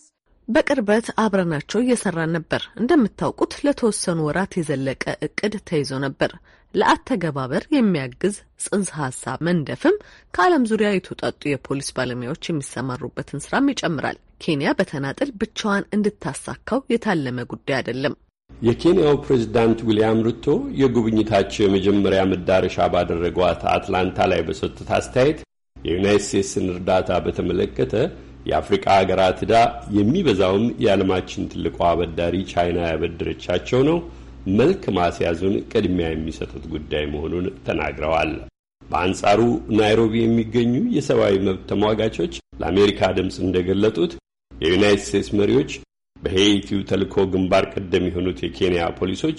በቅርበት አብረናቸው እየሰራን ነበር። እንደምታውቁት ለተወሰኑ ወራት የዘለቀ እቅድ ተይዞ ነበር። ለአተገባበር የሚያግዝ ጽንሰ ሀሳብ መንደፍም ከዓለም ዙሪያ የተውጣጡ የፖሊስ ባለሙያዎች የሚሰማሩበትን ስራም ይጨምራል። ኬንያ በተናጥል ብቻዋን እንድታሳካው የታለመ ጉዳይ አይደለም። የኬንያው ፕሬዚዳንት ዊልያም ሩቶ የጉብኝታቸው የመጀመሪያ መዳረሻ ባደረጓት አትላንታ ላይ በሰጡት አስተያየት የዩናይት ስቴትስን እርዳታ በተመለከተ የአፍሪቃ ሀገራት ዳ የሚበዛውም የዓለማችን ትልቋ አበዳሪ ቻይና ያበደረቻቸው ነው፣ መልክ ማስያዙን ቅድሚያ የሚሰጡት ጉዳይ መሆኑን ተናግረዋል። በአንጻሩ ናይሮቢ የሚገኙ የሰብአዊ መብት ተሟጋቾች ለአሜሪካ ድምፅ እንደገለጡት የዩናይትድ ስቴትስ መሪዎች በሄይቲው ተልእኮ ግንባር ቀደም የሆኑት የኬንያ ፖሊሶች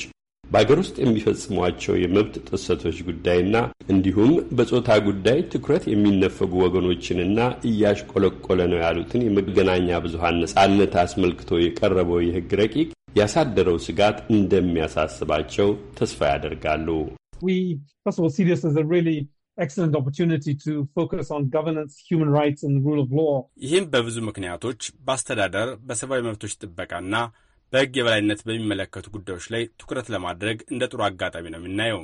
በአገር ውስጥ የሚፈጽሟቸው የመብት ጥሰቶች ጉዳይና እንዲሁም በጾታ ጉዳይ ትኩረት የሚነፈጉ ወገኖችንና እያሽቆለቆለ ነው ያሉትን የመገናኛ ብዙሀን ነጻነት አስመልክቶ የቀረበው የህግ ረቂቅ ያሳደረው ስጋት እንደሚያሳስባቸው ተስፋ ያደርጋሉ። ይህም በብዙ ምክንያቶች በአስተዳደር፣ በሰብአዊ መብቶች ጥበቃና በሕግ የበላይነት በሚመለከቱ ጉዳዮች ላይ ትኩረት ለማድረግ እንደ ጥሩ አጋጣሚ ነው የምናየው።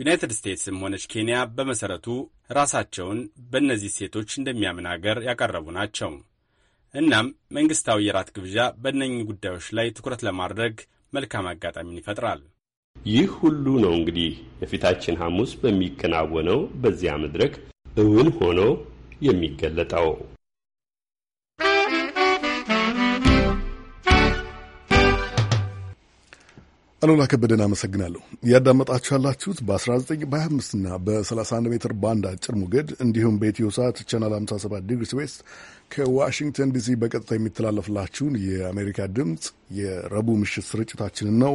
ዩናይትድ ስቴትስም ሆነች ኬንያ በመሰረቱ ራሳቸውን በእነዚህ ሴቶች እንደሚያምን አገር ያቀረቡ ናቸው። እናም መንግስታዊ የራት ግብዣ በእነኚህ ጉዳዮች ላይ ትኩረት ለማድረግ መልካም አጋጣሚን ይፈጥራል። ይህ ሁሉ ነው እንግዲህ የፊታችን ሐሙስ በሚከናወነው በዚያ መድረክ እውን ሆኖ የሚገለጠው። አሉላ ከበደን አመሰግናለሁ። እያዳመጣችሁ ያላችሁት በ19 በ25 እና በ31 ሜትር ባንድ አጭር ሞገድ እንዲሁም በኢትዮ ሰዓት ቻናል 57 ዲግሪስ ዌስት ከዋሽንግተን ዲሲ በቀጥታ የሚተላለፍላችሁን የአሜሪካ ድምፅ የረቡዕ ምሽት ስርጭታችንን ነው።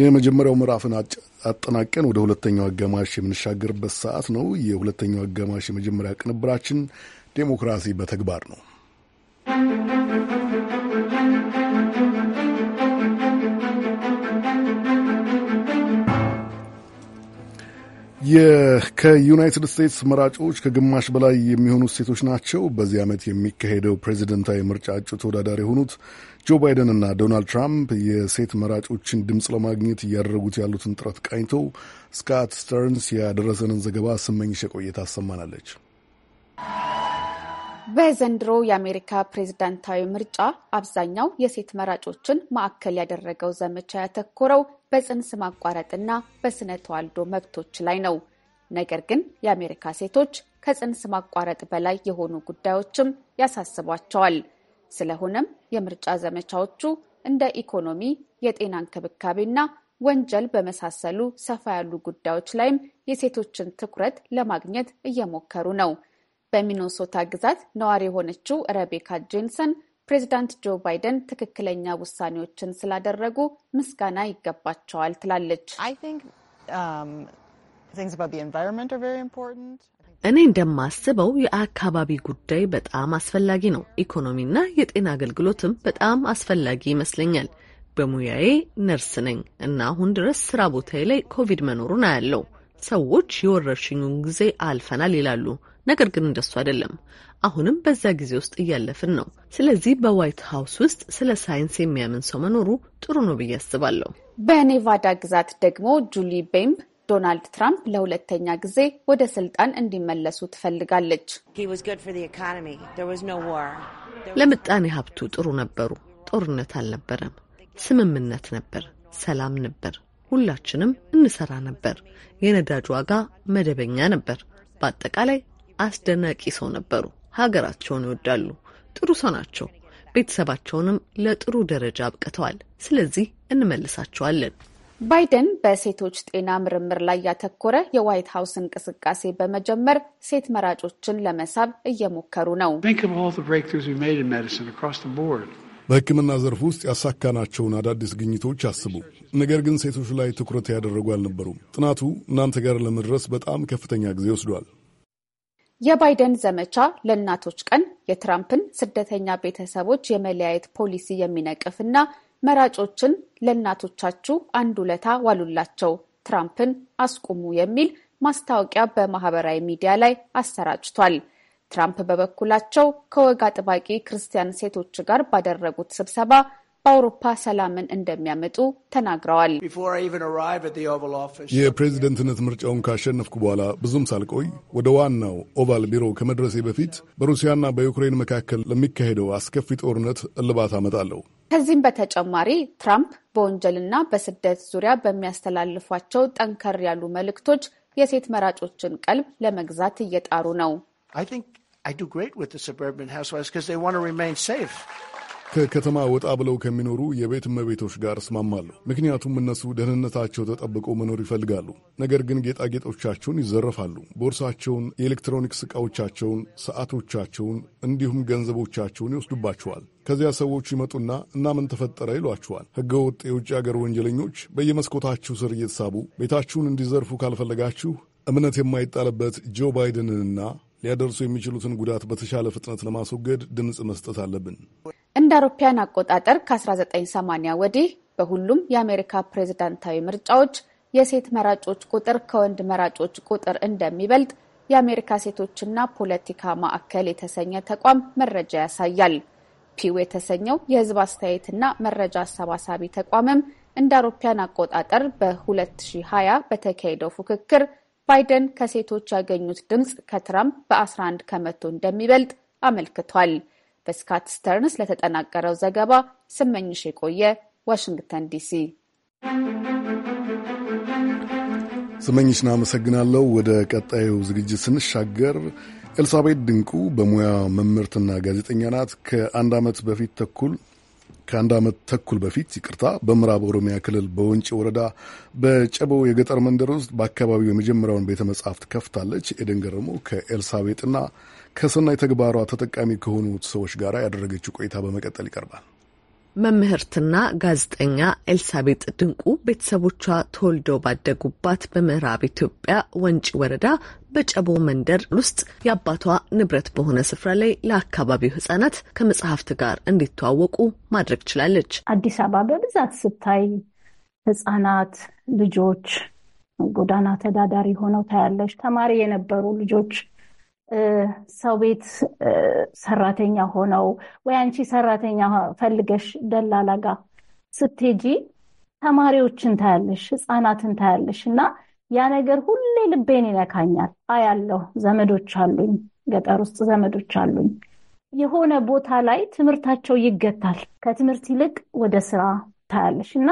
የመጀመሪያው ምዕራፍን አጠናቀን ወደ ሁለተኛው አጋማሽ የምንሻገርበት ሰዓት ነው። የሁለተኛው አጋማሽ የመጀመሪያ ቅንብራችን ዴሞክራሲ በተግባር ነው። ከዩናይትድ ስቴትስ መራጮች ከግማሽ በላይ የሚሆኑ ሴቶች ናቸው። በዚህ ዓመት የሚካሄደው ፕሬዚደንታዊ ምርጫ እጩ ተወዳዳሪ የሆኑት ጆ ባይደን እና ዶናልድ ትራምፕ የሴት መራጮችን ድምፅ ለማግኘት እያደረጉት ያሉትን ጥረት ቃኝቶ ስካት ስተርንስ ያደረሰንን ዘገባ ስመኝሸ ቆየት አሰማናለች። በዘንድሮ የአሜሪካ ፕሬዝዳንታዊ ምርጫ አብዛኛው የሴት መራጮችን ማዕከል ያደረገው ዘመቻ ያተኮረው በጽንስ ማቋረጥና በስነ ተዋልዶ መብቶች ላይ ነው። ነገር ግን የአሜሪካ ሴቶች ከጽንስ ማቋረጥ በላይ የሆኑ ጉዳዮችም ያሳስቧቸዋል። ስለሆነም የምርጫ ዘመቻዎቹ እንደ ኢኮኖሚ፣ የጤና እንክብካቤና ወንጀል በመሳሰሉ ሰፋ ያሉ ጉዳዮች ላይም የሴቶችን ትኩረት ለማግኘት እየሞከሩ ነው። በሚኖሶታ ግዛት ነዋሪ የሆነችው ረቤካ ጄንሰን ፕሬዚዳንት ጆ ባይደን ትክክለኛ ውሳኔዎችን ስላደረጉ ምስጋና ይገባቸዋል ትላለች። um, እኔ እንደማስበው የአካባቢ ጉዳይ በጣም አስፈላጊ ነው። ኢኮኖሚና የጤና አገልግሎትም በጣም አስፈላጊ ይመስለኛል። በሙያዬ ነርስ ነኝ እና አሁን ድረስ ስራ ቦታዬ ላይ ኮቪድ መኖሩን አያለው። ሰዎች የወረርሽኙን ጊዜ አልፈናል ይላሉ ነገር ግን እንደሱ አይደለም። አሁንም በዛ ጊዜ ውስጥ እያለፍን ነው። ስለዚህ በዋይት ሀውስ ውስጥ ስለ ሳይንስ የሚያምን ሰው መኖሩ ጥሩ ነው ብዬ አስባለሁ። በኔቫዳ ግዛት ደግሞ ጁሊ ቤምብ ዶናልድ ትራምፕ ለሁለተኛ ጊዜ ወደ ስልጣን እንዲመለሱ ትፈልጋለች። ለምጣኔ ሀብቱ ጥሩ ነበሩ። ጦርነት አልነበረም። ስምምነት ነበር። ሰላም ነበር። ሁላችንም እንሰራ ነበር። የነዳጅ ዋጋ መደበኛ ነበር። በአጠቃላይ አስደናቂ ሰው ነበሩ። ሀገራቸውን ይወዳሉ። ጥሩ ሰው ናቸው። ቤተሰባቸውንም ለጥሩ ደረጃ አብቅተዋል። ስለዚህ እንመልሳቸዋለን። ባይደን በሴቶች ጤና ምርምር ላይ ያተኮረ የዋይት ሀውስ እንቅስቃሴ በመጀመር ሴት መራጮችን ለመሳብ እየሞከሩ ነው። በሕክምና ዘርፍ ውስጥ ያሳካናቸውን አዳዲስ ግኝቶች አስቡ። ነገር ግን ሴቶች ላይ ትኩረት ያደረጉ አልነበሩም። ጥናቱ እናንተ ጋር ለመድረስ በጣም ከፍተኛ ጊዜ ወስዷል። የባይደን ዘመቻ ለእናቶች ቀን የትራምፕን ስደተኛ ቤተሰቦች የመለያየት ፖሊሲ የሚነቅፍና መራጮችን ለእናቶቻችሁ አንድ ውለታ ዋሉላቸው፣ ትራምፕን አስቁሙ የሚል ማስታወቂያ በማህበራዊ ሚዲያ ላይ አሰራጭቷል። ትራምፕ በበኩላቸው ከወግ አጥባቂ ክርስቲያን ሴቶች ጋር ባደረጉት ስብሰባ በአውሮፓ ሰላምን እንደሚያመጡ ተናግረዋል። የፕሬዝደንትነት ምርጫውን ካሸነፍኩ በኋላ ብዙም ሳልቆይ ወደ ዋናው ኦቫል ቢሮ ከመድረሴ በፊት በሩሲያና በዩክሬን መካከል ለሚካሄደው አስከፊ ጦርነት እልባት አመጣለሁ። ከዚህም በተጨማሪ ትራምፕ በወንጀልና በስደት ዙሪያ በሚያስተላልፏቸው ጠንከር ያሉ መልእክቶች የሴት መራጮችን ቀልብ ለመግዛት እየጣሩ ነው። ከከተማ ወጣ ብለው ከሚኖሩ የቤት እመቤቶች ጋር እስማማለሁ። ምክንያቱም እነሱ ደህንነታቸው ተጠብቆ መኖር ይፈልጋሉ። ነገር ግን ጌጣጌጦቻቸውን ይዘረፋሉ። ቦርሳቸውን፣ የኤሌክትሮኒክስ ዕቃዎቻቸውን፣ ሰዓቶቻቸውን እንዲሁም ገንዘቦቻቸውን ይወስዱባቸዋል። ከዚያ ሰዎች ይመጡና እናምን ተፈጠረ ይሏችኋል። ሕገወጥ የውጭ አገር ወንጀለኞች በየመስኮታችሁ ስር እየተሳቡ ቤታችሁን እንዲዘርፉ ካልፈለጋችሁ እምነት የማይጣልበት ጆ ባይደንንና ሊያደርሱ የሚችሉትን ጉዳት በተሻለ ፍጥነት ለማስወገድ ድምፅ መስጠት አለብን። እንደ አውሮፓውያን አቆጣጠር ከ1980 ወዲህ በሁሉም የአሜሪካ ፕሬዝዳንታዊ ምርጫዎች የሴት መራጮች ቁጥር ከወንድ መራጮች ቁጥር እንደሚበልጥ የአሜሪካ ሴቶችና ፖለቲካ ማዕከል የተሰኘ ተቋም መረጃ ያሳያል። ፒው የተሰኘው የሕዝብ አስተያየትና መረጃ አሰባሳቢ ተቋምም እንደ አውሮፓውያን አቆጣጠር በ2020 በተካሄደው ፉክክር ባይደን ከሴቶች ያገኙት ድምፅ ከትራምፕ በ11 ከመቶ እንደሚበልጥ አመልክቷል። በስካት ስተርንስ ለተጠናቀረው ዘገባ ስመኝሽ የቆየ ዋሽንግተን ዲሲ። ስመኝሽን አመሰግናለሁ። ወደ ቀጣዩ ዝግጅት ስንሻገር ኤልሳቤት ድንቁ በሙያ መምህርትና ጋዜጠኛ ናት። ከአንድ ዓመት በፊት ተኩል ከአንድ ዓመት ተኩል በፊት ይቅርታ፣ በምዕራብ ኦሮሚያ ክልል በወንጪ ወረዳ በጨበው የገጠር መንደር ውስጥ በአካባቢው የመጀመሪያውን ቤተ መጻሕፍት ከፍታለች። ኤደን ገረሞ ከኤልሳቤጥና ከሰናይ ተግባሯ ተጠቃሚ ከሆኑ ሰዎች ጋር ያደረገችው ቆይታ በመቀጠል ይቀርባል። መምህርትና ጋዜጠኛ ኤልሳቤጥ ድንቁ ቤተሰቦቿ ተወልደው ባደጉባት በምዕራብ ኢትዮጵያ ወንጪ ወረዳ በጨቦ መንደር ውስጥ የአባቷ ንብረት በሆነ ስፍራ ላይ ለአካባቢው ሕጻናት ከመጽሐፍት ጋር እንዲተዋወቁ ማድረግ ችላለች። አዲስ አበባ በብዛት ስታይ ሕጻናት ልጆች ጎዳና ተዳዳሪ ሆነው ታያለች። ተማሪ የነበሩ ልጆች ሰው ቤት ሰራተኛ ሆነው ወይ አንቺ ሰራተኛ ፈልገሽ ደላላ ጋ ስትሄጂ ተማሪዎችን ታያለሽ፣ ህፃናትን ታያለሽ። እና ያ ነገር ሁሌ ልቤን ይነካኛል። አያለሁ። ዘመዶች አሉኝ፣ ገጠር ውስጥ ዘመዶች አሉኝ። የሆነ ቦታ ላይ ትምህርታቸው ይገታል። ከትምህርት ይልቅ ወደ ስራ ታያለሽ እና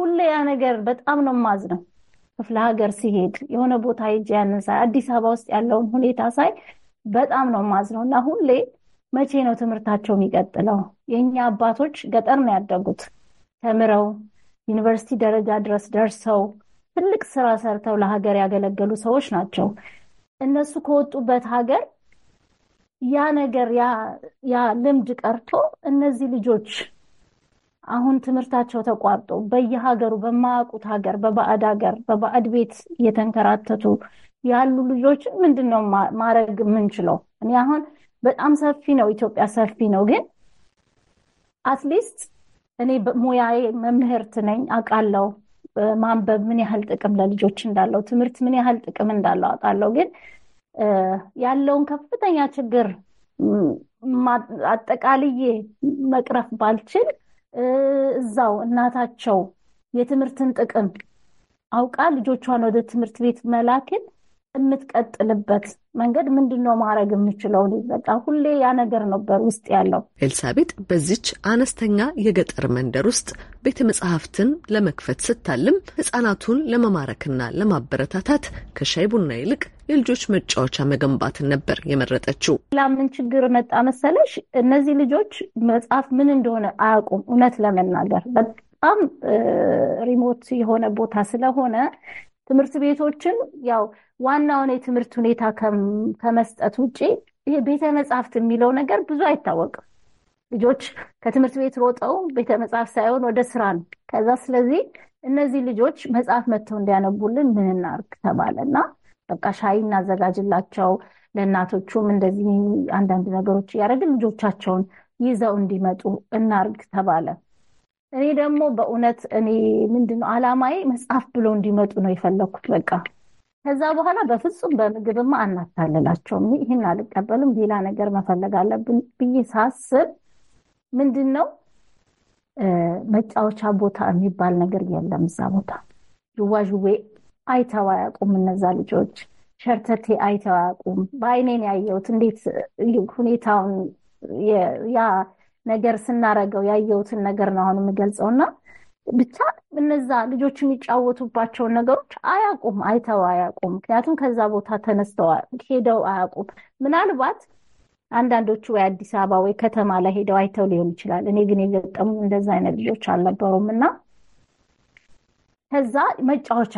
ሁሌ ያ ነገር በጣም ነው ማዝ ነው ክፍለ ሀገር ሲሄድ የሆነ ቦታ ሄጅ ያንን ሳይ አዲስ አበባ ውስጥ ያለውን ሁኔታ ሳይ በጣም ነው ማዝነው እና ሁሌ መቼ ነው ትምህርታቸው የሚቀጥለው? የእኛ አባቶች ገጠር ነው ያደጉት። ተምረው ዩኒቨርሲቲ ደረጃ ድረስ ደርሰው ትልቅ ስራ ሰርተው ለሀገር ያገለገሉ ሰዎች ናቸው። እነሱ ከወጡበት ሀገር ያ ነገር ያ ልምድ ቀርቶ እነዚህ ልጆች አሁን ትምህርታቸው ተቋርጦ በየሀገሩ በማያውቁት ሀገር በባዕድ ሀገር በባዕድ ቤት እየተንከራተቱ ያሉ ልጆችን ምንድን ነው ማድረግ የምንችለው? እኔ አሁን በጣም ሰፊ ነው ኢትዮጵያ ሰፊ ነው። ግን አትሊስት እኔ ሙያዬ መምህርት ነኝ አውቃለሁ። ማንበብ ምን ያህል ጥቅም ለልጆች እንዳለው፣ ትምህርት ምን ያህል ጥቅም እንዳለው አውቃለሁ። ግን ያለውን ከፍተኛ ችግር አጠቃልዬ መቅረፍ ባልችል እዛው እናታቸው የትምህርትን ጥቅም አውቃ ልጆቿን ወደ ትምህርት ቤት መላክን የምትቀጥልበት መንገድ ምንድን ነው ማድረግ የምችለው? በቃ ሁሌ ያ ነገር ነበር ውስጥ ያለው። ኤልሳቤጥ በዚች አነስተኛ የገጠር መንደር ውስጥ ቤተ መጽሐፍትን ለመክፈት ስታልም ህጻናቱን ለመማረክና ለማበረታታት ከሻይ ቡና ይልቅ የልጆች መጫወቻ መገንባትን ነበር የመረጠችው። ላምን ችግር መጣ መሰለሽ፣ እነዚህ ልጆች መጽሐፍ ምን እንደሆነ አያውቁም። እውነት ለመናገር በጣም ሪሞት የሆነ ቦታ ስለሆነ ትምህርት ቤቶችም ያው ዋናውን የትምህርት ሁኔታ ከመስጠት ውጭ ይሄ ቤተ መጽሐፍት የሚለው ነገር ብዙ አይታወቅም። ልጆች ከትምህርት ቤት ሮጠው ቤተ መጽሐፍ ሳይሆን ወደ ስራ ነው። ከዛ ስለዚህ እነዚህ ልጆች መጽሐፍ መጥተው እንዲያነቡልን ምን እናርግ ተባለ እና በቃ ሻይ እናዘጋጅላቸው፣ ለእናቶቹም እንደዚህ አንዳንድ ነገሮች እያደረግን ልጆቻቸውን ይዘው እንዲመጡ እናርግ ተባለ። እኔ ደግሞ በእውነት እኔ ምንድነው አላማዬ መጽሐፍ ብሎ እንዲመጡ ነው የፈለግኩት። በቃ ከዛ በኋላ በፍጹም በምግብማ አናታልላቸውም። ይህን አልቀበልም፣ ሌላ ነገር መፈለግ አለብን ብዬ ሳስብ ምንድን ነው መጫወቻ ቦታ የሚባል ነገር የለም እዛ ቦታ። ዥዋዥዌ አይተው አያውቁም እነዛ ልጆች፣ ሸርተቴ አይተው አያውቁም። በአይኔን ያየሁት እንዴት ሁኔታውን ያ ነገር ስናረገው ያየሁትን ነገር ነው አሁን የምገልጸው እና ብቻ እነዛ ልጆች የሚጫወቱባቸውን ነገሮች አያውቁም፣ አይተው አያውቁም። ምክንያቱም ከዛ ቦታ ተነስተው ሄደው አያውቁም። ምናልባት አንዳንዶቹ ወይ አዲስ አበባ ወይ ከተማ ላይ ሄደው አይተው ሊሆን ይችላል። እኔ ግን የገጠሙ እንደዛ አይነት ልጆች አልነበሩም እና ከዛ መጫወቻ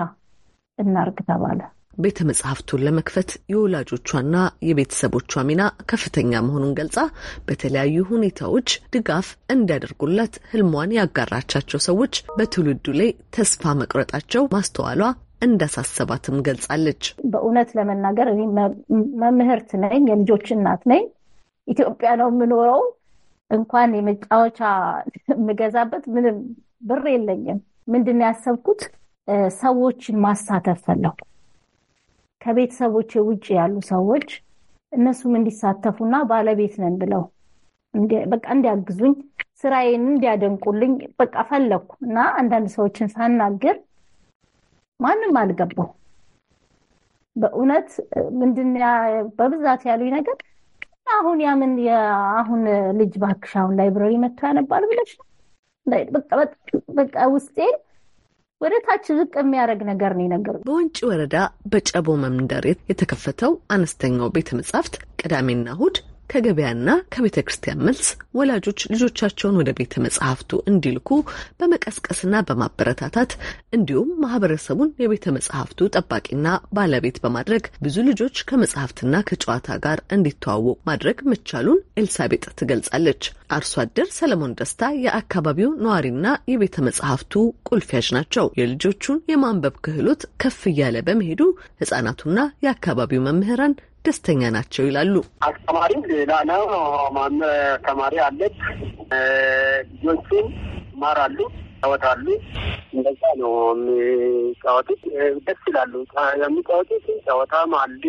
እናርግ ተባለ። ቤተ መጽሐፍቱን ለመክፈት የወላጆቿና የቤተሰቦቿ ሚና ከፍተኛ መሆኑን ገልጻ በተለያዩ ሁኔታዎች ድጋፍ እንዲያደርጉላት ህልሟን ያጋራቻቸው ሰዎች በትውልዱ ላይ ተስፋ መቁረጣቸው ማስተዋሏ እንዳሳሰባትም ገልጻለች። በእውነት ለመናገር እኔ መምህርት ነኝ፣ የልጆች እናት ነኝ። ኢትዮጵያ ነው የምኖረው። እንኳን የመጫወቻ የምገዛበት ምንም ብር የለኝም። ምንድን ያሰብኩት ሰዎችን ማሳተፍ ፈለኩ። ከቤተሰቦቼ ውጭ ያሉ ሰዎች እነሱም እንዲሳተፉና ባለቤት ነን ብለው በቃ እንዲያግዙኝ ስራዬን እንዲያደንቁልኝ በቃ ፈለግኩ እና አንዳንድ ሰዎችን ሳናግር ማንም አልገባው። በእውነት ምንድን በብዛት ያሉኝ ነገር አሁን ያምን የአሁን ልጅ ባክሽ አሁን ላይብረሪ መጥቶ ያነባል ብለሽ በቃ ውስጤ ወደ ታች ዝቅ የሚያደርግ ነገር ነው የነገሩ። በወንጪ ወረዳ በጨቦ መንደር የተከፈተው አነስተኛው ቤተ መጻሕፍት ቅዳሜና እሁድ ከገበያና ከቤተ ክርስቲያን መልስ ወላጆች ልጆቻቸውን ወደ ቤተ መጽሐፍቱ እንዲልኩ በመቀስቀስና በማበረታታት እንዲሁም ማህበረሰቡን የቤተ መጽሐፍቱ ጠባቂና ባለቤት በማድረግ ብዙ ልጆች ከመጽሐፍትና ከጨዋታ ጋር እንዲተዋወቁ ማድረግ መቻሉን ኤልሳቤጥ ትገልጻለች። አርሶ አደር ሰለሞን ደስታ የአካባቢው ነዋሪና የቤተ መጽሐፍቱ ቁልፊያጅ ናቸው። የልጆቹን የማንበብ ክህሎት ከፍ እያለ በመሄዱ ህጻናቱና የአካባቢው መምህራን ደስተኛ ናቸው ይላሉ። አስተማሪም ሌላ ነው። ማነ ተማሪ አለች። ልጆቹን ይማራሉ፣ ይጫወታሉ። እንደዛ ነው የሚጫወቱት። ደስ ይላሉ የሚጫወቱት። ጨዋታም አለ፣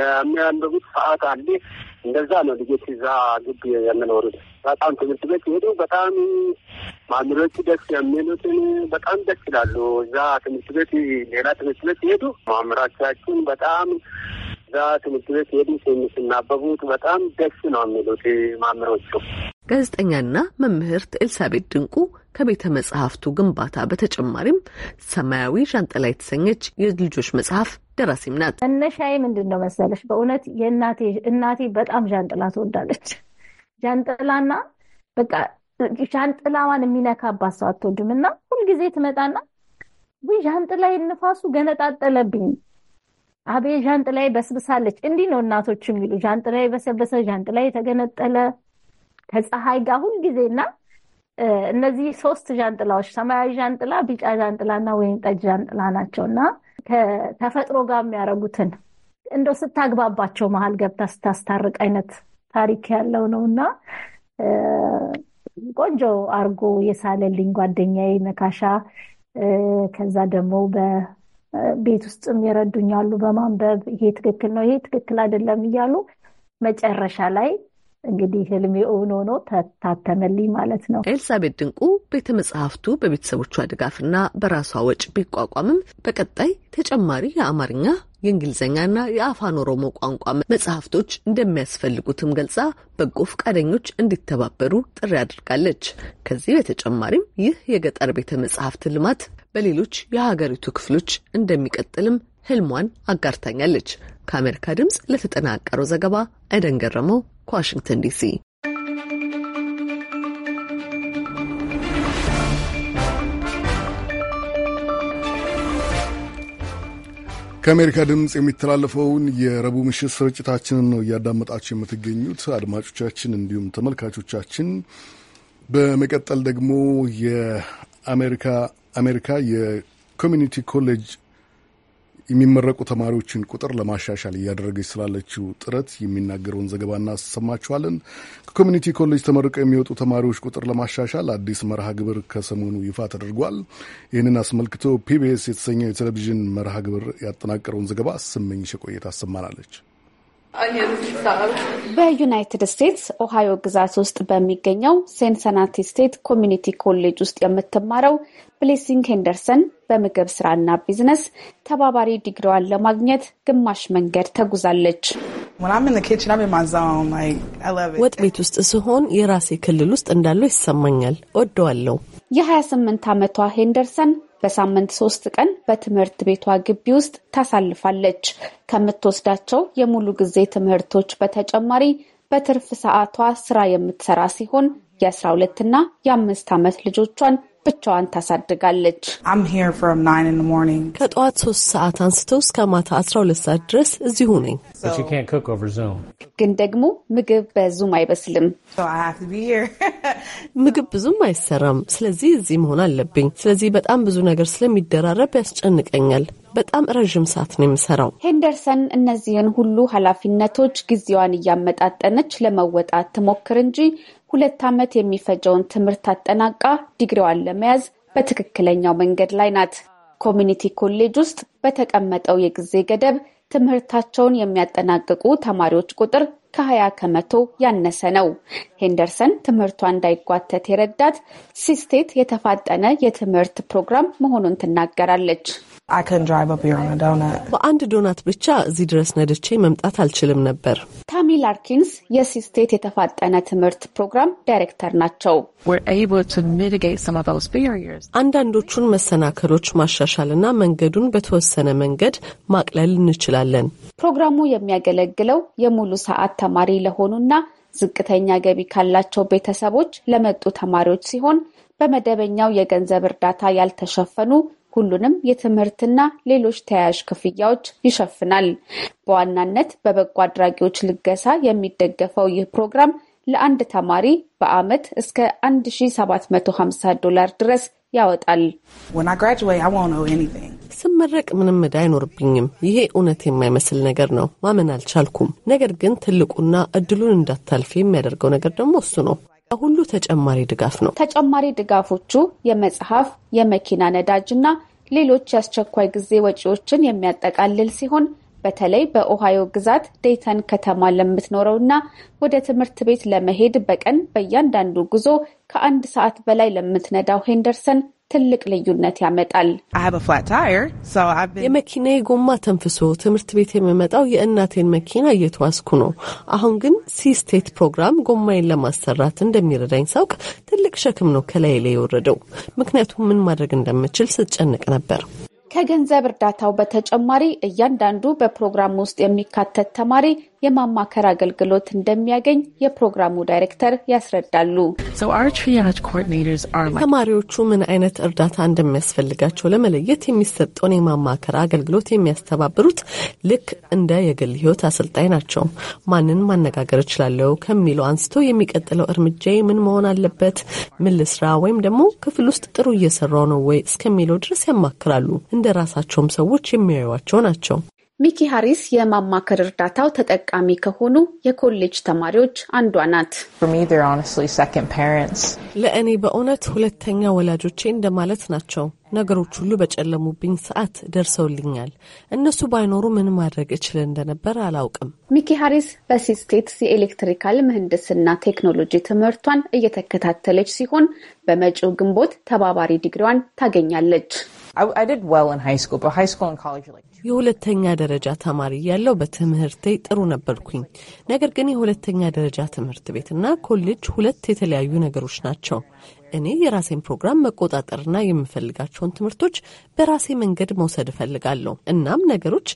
የሚያንበቡት ሰዓት አለ። እንደዛ ነው ልጆች እዛ ግቢ የምኖሩት። በጣም ትምህርት ቤት ሄዱ። በጣም ማምሮቹ ደስ የሚሉትን በጣም ደስ ይላሉ። እዛ ትምህርት ቤት ሌላ ትምህርት ቤት ሄዱ። ማምራቻችን በጣም እዛ ትምህርት ቤት ሄዱ ስናበቡት በጣም ደስ ነው የሚሉት ማምሮቹ ጋዜጠኛና መምህርት ኤልሳቤት ድንቁ ከቤተ መጽሐፍቱ ግንባታ በተጨማሪም ሰማያዊ ዣንጥላ የተሰኘች የልጆች መጽሐፍ ደራሲም ናት። መነሻዬ ምንድን ነው መሰለሽ? በእውነት የእናቴ እናቴ በጣም ዣንጥላ ትወዳለች። ዣንጥላና በቃ ዣንጥላዋን የሚነካባት ሰው አትወድም እና ሁልጊዜ ትመጣና ወይ ዣንጥላ ንፋሱ ገነጣጠለብኝ፣ አቤ ዣንጥላዬ በስብሳለች። እንዲህ ነው እናቶች የሚሉ ዣንጥላዬ በሰበሰ፣ ዣንጥላዬ የተገነጠለ ከፀሐይ ጋር ሁልጊዜና እነዚህ ሶስት ዣንጥላዎች ሰማያዊ ዣንጥላ፣ ቢጫ ዣንጥላ ና ወይም ጠጅ ዣንጥላ ናቸው እና ከተፈጥሮ ጋር የሚያደርጉትን እንደው ስታግባባቸው መሀል ገብታ ስታስታርቅ አይነት ታሪክ ያለው ነው እና ቆንጆ አርጎ የሳለልኝ ጓደኛዬ ነካሻ። ከዛ ደግሞ በቤት ውስጥም የረዱኛሉ በማንበብ ይሄ ትክክል ነው፣ ይሄ ትክክል አይደለም እያሉ መጨረሻ ላይ እንግዲህ ህልሜ እውን ሆኖ ታተመልኝ ማለት ነው። ኤልሳቤት ድንቁ ቤተ መጽሐፍቱ በቤተሰቦቿ ድጋፍና በራሷ ወጪ ቢቋቋምም በቀጣይ ተጨማሪ የአማርኛ የእንግሊዝኛና የአፋን ኦሮሞ ቋንቋ መጽሐፍቶች እንደሚያስፈልጉትም ገልጻ በጎ ፈቃደኞች እንዲተባበሩ ጥሪ አድርጋለች። ከዚህ በተጨማሪም ይህ የገጠር ቤተ መጽሐፍት ልማት በሌሎች የሀገሪቱ ክፍሎች እንደሚቀጥልም ህልሟን አጋርታኛለች። ከአሜሪካ ድምፅ ለተጠናቀረው ዘገባ አይደን ገረመው ከዋሽንግተን ዲሲ ከአሜሪካ ድምፅ የሚተላለፈውን የረቡዕ ምሽት ስርጭታችንን ነው እያዳመጣችሁ የምትገኙት አድማጮቻችን፣ እንዲሁም ተመልካቾቻችን። በመቀጠል ደግሞ የአሜሪካ አሜሪካ የኮሚኒቲ ኮሌጅ የሚመረቁ ተማሪዎችን ቁጥር ለማሻሻል እያደረገች ስላለችው ጥረት የሚናገረውን ዘገባ እናሰማችኋለን። ከኮሚኒቲ ኮሌጅ ተመርቀው የሚወጡ ተማሪዎች ቁጥር ለማሻሻል አዲስ መርሃ ግብር ከሰሞኑ ይፋ ተደርጓል። ይህንን አስመልክቶ ፒቢኤስ የተሰኘው የቴሌቪዥን መርሃ ግብር ያጠናቀረውን ዘገባ ስመኝ ሸቆየት አሰማናለች። በዩናይትድ ስቴትስ ኦሃዮ ግዛት ውስጥ በሚገኘው ሴንሰናቲ ስቴት ኮሚኒቲ ኮሌጅ ውስጥ የምትማረው ብሌሲንግ ሄንደርሰን በምግብ ስራና ቢዝነስ ተባባሪ ዲግሪዋን ለማግኘት ግማሽ መንገድ ተጉዛለች። ወጥ ቤት ውስጥ ስሆን የራሴ ክልል ውስጥ እንዳለው ይሰማኛል ወደዋለው ወደዋለሁ። የ28 ዓመቷ ሄንደርሰን በሳምንት ሶስት ቀን በትምህርት ቤቷ ግቢ ውስጥ ታሳልፋለች። ከምትወስዳቸው የሙሉ ጊዜ ትምህርቶች በተጨማሪ በትርፍ ሰዓቷ ስራ የምትሰራ ሲሆን የ12 እና የአምስት ዓመት ልጆቿን ብቻዋን ታሳድጋለች። ከጠዋት ሶስት ሰዓት አንስቶ እስከ ማታ 12 ሰዓት ድረስ እዚሁ ነኝ። ግን ደግሞ ምግብ በዙም አይበስልም፣ ምግብ ብዙም አይሰራም። ስለዚህ እዚህ መሆን አለብኝ። ስለዚህ በጣም ብዙ ነገር ስለሚደራረብ ያስጨንቀኛል። በጣም ረዥም ሰዓት ነው የምሰራው። ሄንደርሰን እነዚህን ሁሉ ኃላፊነቶች ጊዜዋን እያመጣጠነች ለመወጣት ትሞክር እንጂ ሁለት ዓመት የሚፈጀውን ትምህርት አጠናቃ ዲግሪዋን ለመያዝ በትክክለኛው መንገድ ላይ ናት። ኮሚኒቲ ኮሌጅ ውስጥ በተቀመጠው የጊዜ ገደብ ትምህርታቸውን የሚያጠናቅቁ ተማሪዎች ቁጥር ከ20 ከመቶ ያነሰ ነው። ሄንደርሰን ትምህርቷ እንዳይጓተት የረዳት ሲስቴት የተፋጠነ የትምህርት ፕሮግራም መሆኑን ትናገራለች። በአንድ ዶናት ብቻ እዚህ ድረስ ነድቼ መምጣት አልችልም ነበር። ታሚ ላርኪንስ የሲስቴት የተፋጠነ ትምህርት ፕሮግራም ዳይሬክተር ናቸው። አንዳንዶቹን መሰናከሎች ማሻሻልና መንገዱን በተወሰነ መንገድ ማቅለል እንችላለን። ፕሮግራሙ የሚያገለግለው የሙሉ ሰዓት ተማሪ ለሆኑና ዝቅተኛ ገቢ ካላቸው ቤተሰቦች ለመጡ ተማሪዎች ሲሆን በመደበኛው የገንዘብ እርዳታ ያልተሸፈኑ ሁሉንም የትምህርትና ሌሎች ተያያዥ ክፍያዎች ይሸፍናል። በዋናነት በበጎ አድራጊዎች ልገሳ የሚደገፈው ይህ ፕሮግራም ለአንድ ተማሪ በዓመት እስከ 1750 ዶላር ድረስ ያወጣል። ስመረቅ ምንም ዕዳ አይኖርብኝም። ይሄ እውነት የማይመስል ነገር ነው። ማመን አልቻልኩም። ነገር ግን ትልቁና እድሉን እንዳታልፍ የሚያደርገው ነገር ደግሞ እሱ ነው። ሁሉ ተጨማሪ ድጋፍ ነው። ተጨማሪ ድጋፎቹ የመጽሐፍ፣ የመኪና ነዳጅ እና ሌሎች የአስቸኳይ ጊዜ ወጪዎችን የሚያጠቃልል ሲሆን በተለይ በኦሃዮ ግዛት ዴይተን ከተማ ለምትኖረው እና ወደ ትምህርት ቤት ለመሄድ በቀን በእያንዳንዱ ጉዞ ከአንድ ሰዓት በላይ ለምትነዳው ሄንደርሰን ትልቅ ልዩነት ያመጣል። የመኪናዬ ጎማ ተንፍሶ ትምህርት ቤት የምመጣው የእናቴን መኪና እየተዋስኩ ነው። አሁን ግን ሲስቴት ፕሮግራም ጎማዬን ለማሰራት እንደሚረዳኝ ሳውቅ ትልቅ ሸክም ነው ከላይ ላይ የወረደው። ምክንያቱም ምን ማድረግ እንደምችል ስጨነቅ ነበር። ከገንዘብ እርዳታው በተጨማሪ እያንዳንዱ በፕሮግራም ውስጥ የሚካተት ተማሪ የማማከር አገልግሎት እንደሚያገኝ የፕሮግራሙ ዳይሬክተር ያስረዳሉ። ተማሪዎቹ ምን አይነት እርዳታ እንደሚያስፈልጋቸው ለመለየት የሚሰጠውን የማማከር አገልግሎት የሚያስተባብሩት ልክ እንደ የግል ሕይወት አሰልጣኝ ናቸው። ማንን ማነጋገር እችላለሁ ከሚለው አንስቶ የሚቀጥለው እርምጃዬ ምን መሆን አለበት፣ ምን ልስራ፣ ወይም ደግሞ ክፍል ውስጥ ጥሩ እየሰራው ነው ወይ እስከሚለው ድረስ ያማክራሉ። እንደ ራሳቸውም ሰዎች የሚያዩዋቸው ናቸው። ሚኪ ሀሪስ የማማከር እርዳታው ተጠቃሚ ከሆኑ የኮሌጅ ተማሪዎች አንዷ ናት። ለእኔ በእውነት ሁለተኛ ወላጆቼ እንደማለት ናቸው። ነገሮች ሁሉ በጨለሙብኝ ሰዓት ደርሰውልኛል። እነሱ ባይኖሩ ምን ማድረግ እችል እንደነበር አላውቅም። ሚኪ ሀሪስ በሲ ስቴትስ የኤሌክትሪካል ምህንድስና ቴክኖሎጂ ትምህርቷን እየተከታተለች ሲሆን በመጪው ግንቦት ተባባሪ ዲግሪዋን ታገኛለች። የሁለተኛ ደረጃ ተማሪ ያለው በትምህርቴ ጥሩ ነበርኩኝ። ነገር ግን የሁለተኛ ደረጃ ትምህርት ቤትና ኮሌጅ ሁለት የተለያዩ ነገሮች ናቸው። እኔ የራሴን ፕሮግራም መቆጣጠርና የምፈልጋቸውን ትምህርቶች በራሴ መንገድ መውሰድ እፈልጋለሁ። እናም ነገሮች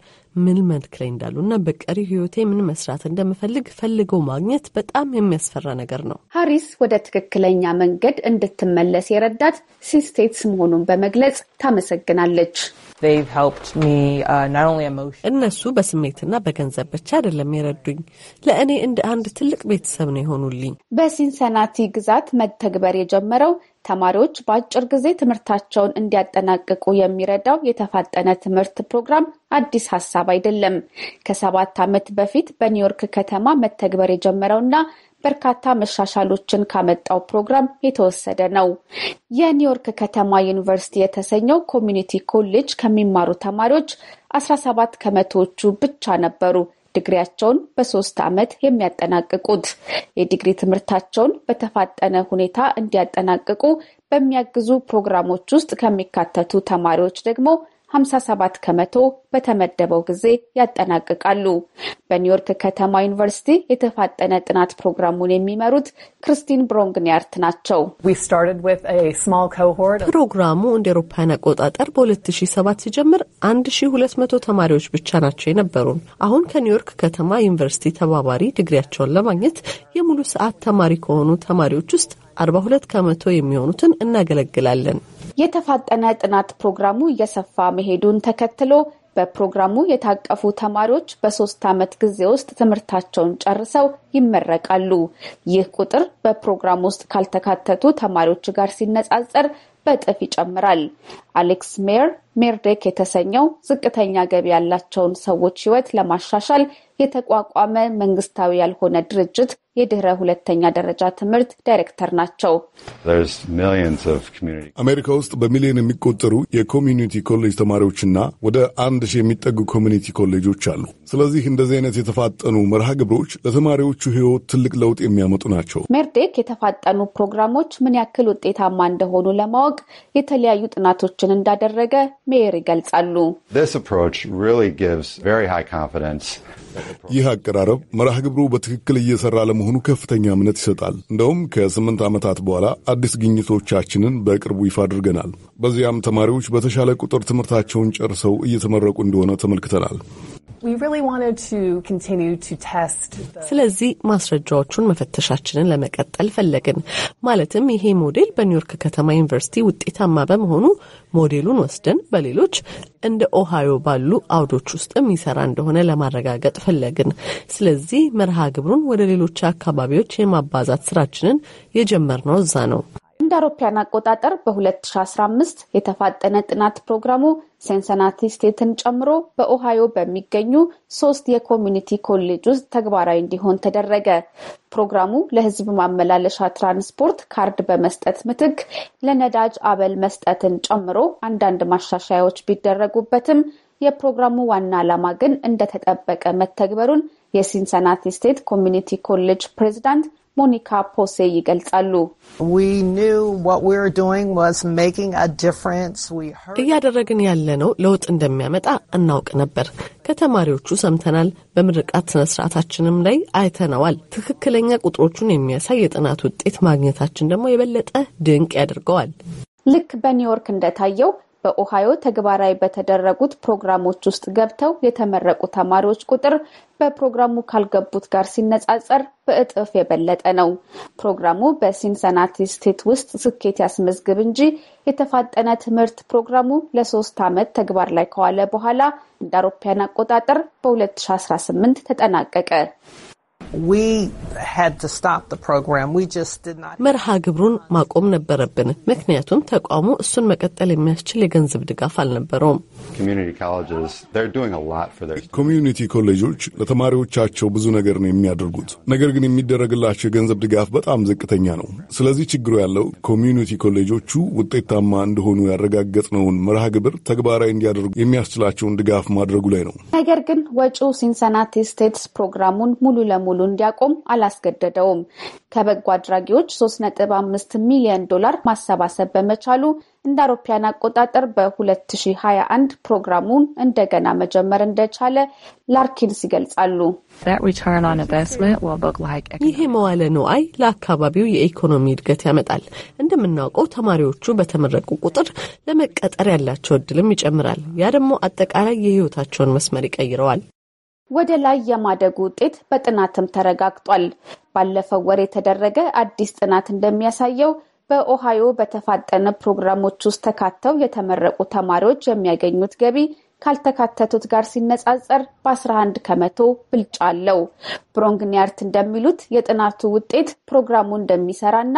ምን መልክ ላይ እንዳሉና በቀሪ ሕይወቴ ምን መስራት እንደምፈልግ ፈልገው ማግኘት በጣም የሚያስፈራ ነገር ነው። ሀሪስ ወደ ትክክለኛ መንገድ እንድትመለስ የረዳት ሲስቴትስ መሆኑን በመግለጽ ታመሰግናለች። Uh, እነሱ በስሜትና በገንዘብ ብቻ አይደለም የረዱኝ፣ ለእኔ እንደ አንድ ትልቅ ቤተሰብ ነው የሆኑልኝ። በሲንሰናቲ ግዛት መተግበር የጀመረው ተማሪዎች በአጭር ጊዜ ትምህርታቸውን እንዲያጠናቅቁ የሚረዳው የተፋጠነ ትምህርት ፕሮግራም አዲስ ሀሳብ አይደለም። ከሰባት ዓመት በፊት በኒውዮርክ ከተማ መተግበር የጀመረውና በርካታ መሻሻሎችን ካመጣው ፕሮግራም የተወሰደ ነው። የኒውዮርክ ከተማ ዩኒቨርሲቲ የተሰኘው ኮሚኒቲ ኮሌጅ ከሚማሩ ተማሪዎች 17 ከመቶዎቹ ብቻ ነበሩ ዲግሪያቸውን በሶስት ዓመት የሚያጠናቅቁት። የዲግሪ ትምህርታቸውን በተፋጠነ ሁኔታ እንዲያጠናቅቁ በሚያግዙ ፕሮግራሞች ውስጥ ከሚካተቱ ተማሪዎች ደግሞ 57 ከመቶ በተመደበው ጊዜ ያጠናቅቃሉ። በኒውዮርክ ከተማ ዩኒቨርሲቲ የተፋጠነ ጥናት ፕሮግራሙን የሚመሩት ክርስቲን ብሮንግኒያርት ናቸው። ፕሮግራሙ እንደ ኤሮፓያን አቆጣጠር በ2007 ሲጀምር 1200 ተማሪዎች ብቻ ናቸው የነበሩን። አሁን ከኒውዮርክ ከተማ ዩኒቨርሲቲ ተባባሪ ዲግሪያቸውን ለማግኘት የሙሉ ሰዓት ተማሪ ከሆኑ ተማሪዎች ውስጥ 42 ከመቶ የሚሆኑትን እናገለግላለን። የተፋጠነ ጥናት ፕሮግራሙ እየሰፋ መሄዱን ተከትሎ በፕሮግራሙ የታቀፉ ተማሪዎች በሶስት ዓመት ጊዜ ውስጥ ትምህርታቸውን ጨርሰው ይመረቃሉ። ይህ ቁጥር በፕሮግራሙ ውስጥ ካልተካተቱ ተማሪዎች ጋር ሲነጻጸር በእጥፍ ይጨምራል። አሌክስ ሜየር ሜርዴክ የተሰኘው ዝቅተኛ ገቢ ያላቸውን ሰዎች ሕይወት ለማሻሻል የተቋቋመ መንግስታዊ ያልሆነ ድርጅት የድህረ ሁለተኛ ደረጃ ትምህርት ዳይሬክተር ናቸው። አሜሪካ ውስጥ በሚሊዮን የሚቆጠሩ የኮሚዩኒቲ ኮሌጅ ተማሪዎችና ወደ አንድ ሺህ የሚጠጉ ኮሚኒቲ ኮሌጆች አሉ። ስለዚህ እንደዚህ አይነት የተፋጠኑ መርሃ ግብሮች ለተማሪዎቹ ህይወት ትልቅ ለውጥ የሚያመጡ ናቸው። ሜርዴክ የተፋጠኑ ፕሮግራሞች ምን ያክል ውጤታማ እንደሆኑ ለማወቅ የተለያዩ ጥናቶችን እንዳደረገ ሜየር ይገልጻሉ። ይህ አቀራረብ መርሃ ግብሩ በትክክል እየሰራ ለመሆኑ ከፍተኛ እምነት ይሰጣል። እንደውም ከስምንት ዓመታት በኋላ አዲስ ግኝቶቻችንን በቅርቡ ይፋ አድርገናል። በዚያም ተማሪዎች በተሻለ ቁጥር ትምህርታቸውን ጨርሰው እየተመረቁ እንደሆነ ተመልክተናል። ስለዚህ ማስረጃዎቹን መፈተሻችንን ለመቀጠል ፈለግን። ማለትም ይሄ ሞዴል በኒውዮርክ ከተማ ዩኒቨርሲቲ ውጤታማ በመሆኑ ሞዴሉን ወስደን በሌሎች እንደ ኦሃዮ ባሉ አውዶች ውስጥ የሚሰራ እንደሆነ ለማረጋገጥ ፈለግን። ስለዚህ መርሃ ግብሩን ወደ ሌሎች አካባቢዎች የማባዛት ስራችንን የጀመርነው እዛ ነው። እንደ አውሮፓውያን አቆጣጠር በ2015 የተፋጠነ ጥናት ፕሮግራሙ ሰንሰናቲ ስቴትን ጨምሮ በኦሃዮ በሚገኙ ሶስት የኮሚኒቲ ኮሌጅ ውስጥ ተግባራዊ እንዲሆን ተደረገ። ፕሮግራሙ ለሕዝብ ማመላለሻ ትራንስፖርት ካርድ በመስጠት ምትክ ለነዳጅ አበል መስጠትን ጨምሮ አንዳንድ ማሻሻያዎች ቢደረጉበትም የፕሮግራሙ ዋና ዓላማ ግን እንደተጠበቀ መተግበሩን የሲንሰናቲ ስቴት ኮሚኒቲ ኮሌጅ ፕሬዚዳንት ሞኒካ ፖሴ ይገልጻሉ። እያደረግን ያለነው ለውጥ እንደሚያመጣ እናውቅ ነበር። ከተማሪዎቹ ሰምተናል። በምርቃት ስነ ስርዓታችንም ላይ አይተነዋል። ትክክለኛ ቁጥሮቹን የሚያሳይ የጥናት ውጤት ማግኘታችን ደግሞ የበለጠ ድንቅ ያደርገዋል። ልክ በኒውዮርክ እንደታየው በኦሃዮ ተግባራዊ በተደረጉት ፕሮግራሞች ውስጥ ገብተው የተመረቁ ተማሪዎች ቁጥር በፕሮግራሙ ካልገቡት ጋር ሲነጻጸር በእጥፍ የበለጠ ነው። ፕሮግራሙ በሲንሰናቲ ስቴት ውስጥ ስኬት ያስመዝግብ እንጂ የተፋጠነ ትምህርት ፕሮግራሙ ለሶስት ዓመት ተግባር ላይ ከዋለ በኋላ እንደ አውሮፓያን አቆጣጠር በ2018 ተጠናቀቀ። መርሃ ግብሩን ማቆም ነበረብን፣ ምክንያቱም ተቋሙ እሱን መቀጠል የሚያስችል የገንዘብ ድጋፍ አልነበረውም። ኮሚዩኒቲ ኮሌጆች ለተማሪዎቻቸው ብዙ ነገር ነው የሚያደርጉት፣ ነገር ግን የሚደረግላቸው የገንዘብ ድጋፍ በጣም ዝቅተኛ ነው። ስለዚህ ችግሩ ያለው ኮሚዩኒቲ ኮሌጆቹ ውጤታማ እንደሆኑ ያረጋገጥነውን መርሃ ግብር ተግባራዊ እንዲያደርጉ የሚያስችላቸውን ድጋፍ ማድረጉ ላይ ነው። ነገር ግን ወጪው ሲንሰናቲ ስቴትስ ፕሮግራሙን ሙሉ ለሙሉ እንዲያቆም አላስገደደውም። ከበጎ አድራጊዎች 3.5 ሚሊዮን ዶላር ማሰባሰብ በመቻሉ እንደ አውሮፓውያን አቆጣጠር በ2021 ፕሮግራሙን እንደገና መጀመር እንደቻለ ላርኪንስ ይገልጻሉ። ይሄ መዋለ ንዋይ ለአካባቢው የኢኮኖሚ እድገት ያመጣል። እንደምናውቀው ተማሪዎቹ በተመረቁ ቁጥር ለመቀጠር ያላቸው እድልም ይጨምራል። ያ ደግሞ አጠቃላይ የህይወታቸውን መስመር ይቀይረዋል። ወደ ላይ የማደጉ ውጤት በጥናትም ተረጋግጧል። ባለፈው ወር የተደረገ አዲስ ጥናት እንደሚያሳየው በኦሃዮ በተፋጠነ ፕሮግራሞች ውስጥ ተካተው የተመረቁ ተማሪዎች የሚያገኙት ገቢ ካልተካተቱት ጋር ሲነጻጸር በ11 ከመቶ ብልጫ አለው። ብሮንግኒያርት እንደሚሉት የጥናቱ ውጤት ፕሮግራሙ እንደሚሰራና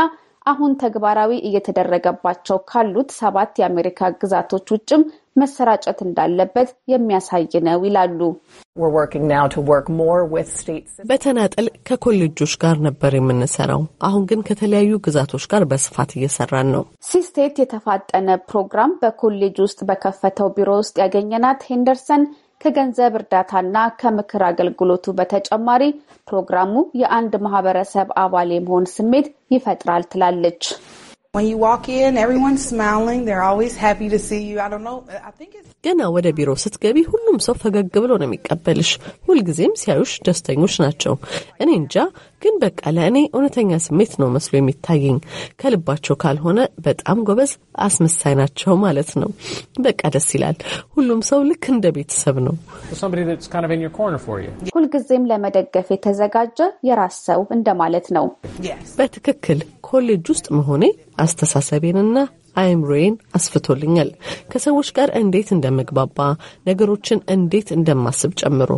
አሁን ተግባራዊ እየተደረገባቸው ካሉት ሰባት የአሜሪካ ግዛቶች ውጭም መሰራጨት እንዳለበት የሚያሳይ ነው ይላሉ። በተናጠል ከኮሌጆች ጋር ነበር የምንሰራው። አሁን ግን ከተለያዩ ግዛቶች ጋር በስፋት እየሰራን ነው። ሲስቴት የተፋጠነ ፕሮግራም በኮሌጅ ውስጥ በከፈተው ቢሮ ውስጥ ያገኘናት ሄንደርሰን ከገንዘብ እርዳታና ከምክር አገልግሎቱ በተጨማሪ ፕሮግራሙ የአንድ ማህበረሰብ አባል የመሆን ስሜት ይፈጥራል ትላለች። ገና ወደ ቢሮ ስትገቢ ሁሉም ሰው ፈገግ ብሎ ነው የሚቀበልሽ። ሁልጊዜም ሲያዩሽ ደስተኞች ናቸው። እኔ እንጃ ግን በቃ ለእኔ እውነተኛ ስሜት ነው መስሎ የሚታየኝ። ከልባቸው ካልሆነ በጣም ጎበዝ አስመሳይ ናቸው ማለት ነው። በቃ ደስ ይላል። ሁሉም ሰው ልክ እንደ ቤተሰብ ነው። ሁልጊዜም ለመደገፍ የተዘጋጀ የራስ ሰው እንደማለት ነው። በትክክል ኮሌጅ ውስጥ መሆኔ አስተሳሰቤንና አይምሬን አስፍቶልኛል። ከሰዎች ጋር እንዴት እንደምግባባ፣ ነገሮችን እንዴት እንደማስብ ጨምሮ።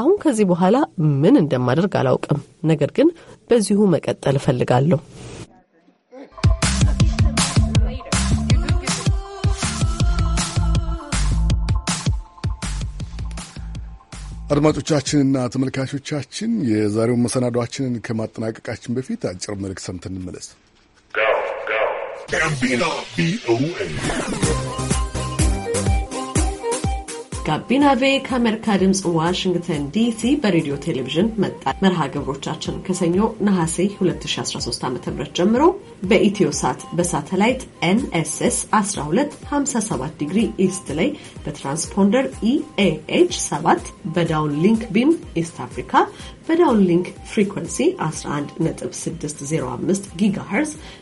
አሁን ከዚህ በኋላ ምን እንደማደርግ አላውቅም፣ ነገር ግን በዚሁ መቀጠል እፈልጋለሁ። አድማጮቻችንና ተመልካቾቻችን የዛሬውን መሰናዷችንን ከማጠናቀቃችን በፊት አጭር መልእክት ሰምተን እንመለስ። ጋቢና ቪኦኤ ጋቢና ቬ ከአሜሪካ ድምፅ ዋሽንግተን ዲሲ በሬዲዮ ቴሌቪዥን መጣ መርሃ ግብሮቻችን ከሰኞ ነሐሴ 2013 ዓ ም ጀምሮ በኢትዮ ሳት በሳተላይት ኤንኤስኤስ 1257 ዲግሪ ኢስት ላይ በትራንስፖንደር ኢኤኤች 7 በዳውን ሊንክ ቢም ኢስት አፍሪካ በዳውን ሊንክ ፍሪኩንሲ 11605 ጊጋሄርዝ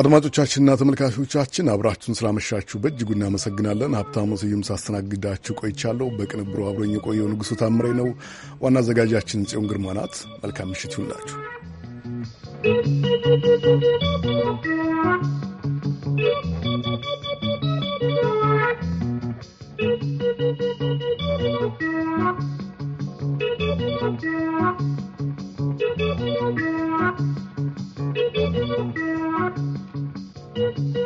አድማጮቻችንና ተመልካቾቻችን አብራችሁን ስላመሻችሁ በእጅጉ እናመሰግናለን። ሀብታሙ ስዩም ሳስተናግዳችሁ ቆይቻለሁ። በቅንብሩ አብሮኝ የቆየው ንጉሡ ታምሬ ነው። ዋና አዘጋጃችን ጽዮን ግርማ ናት። መልካም ምሽት ይሁንላችሁ። Bye.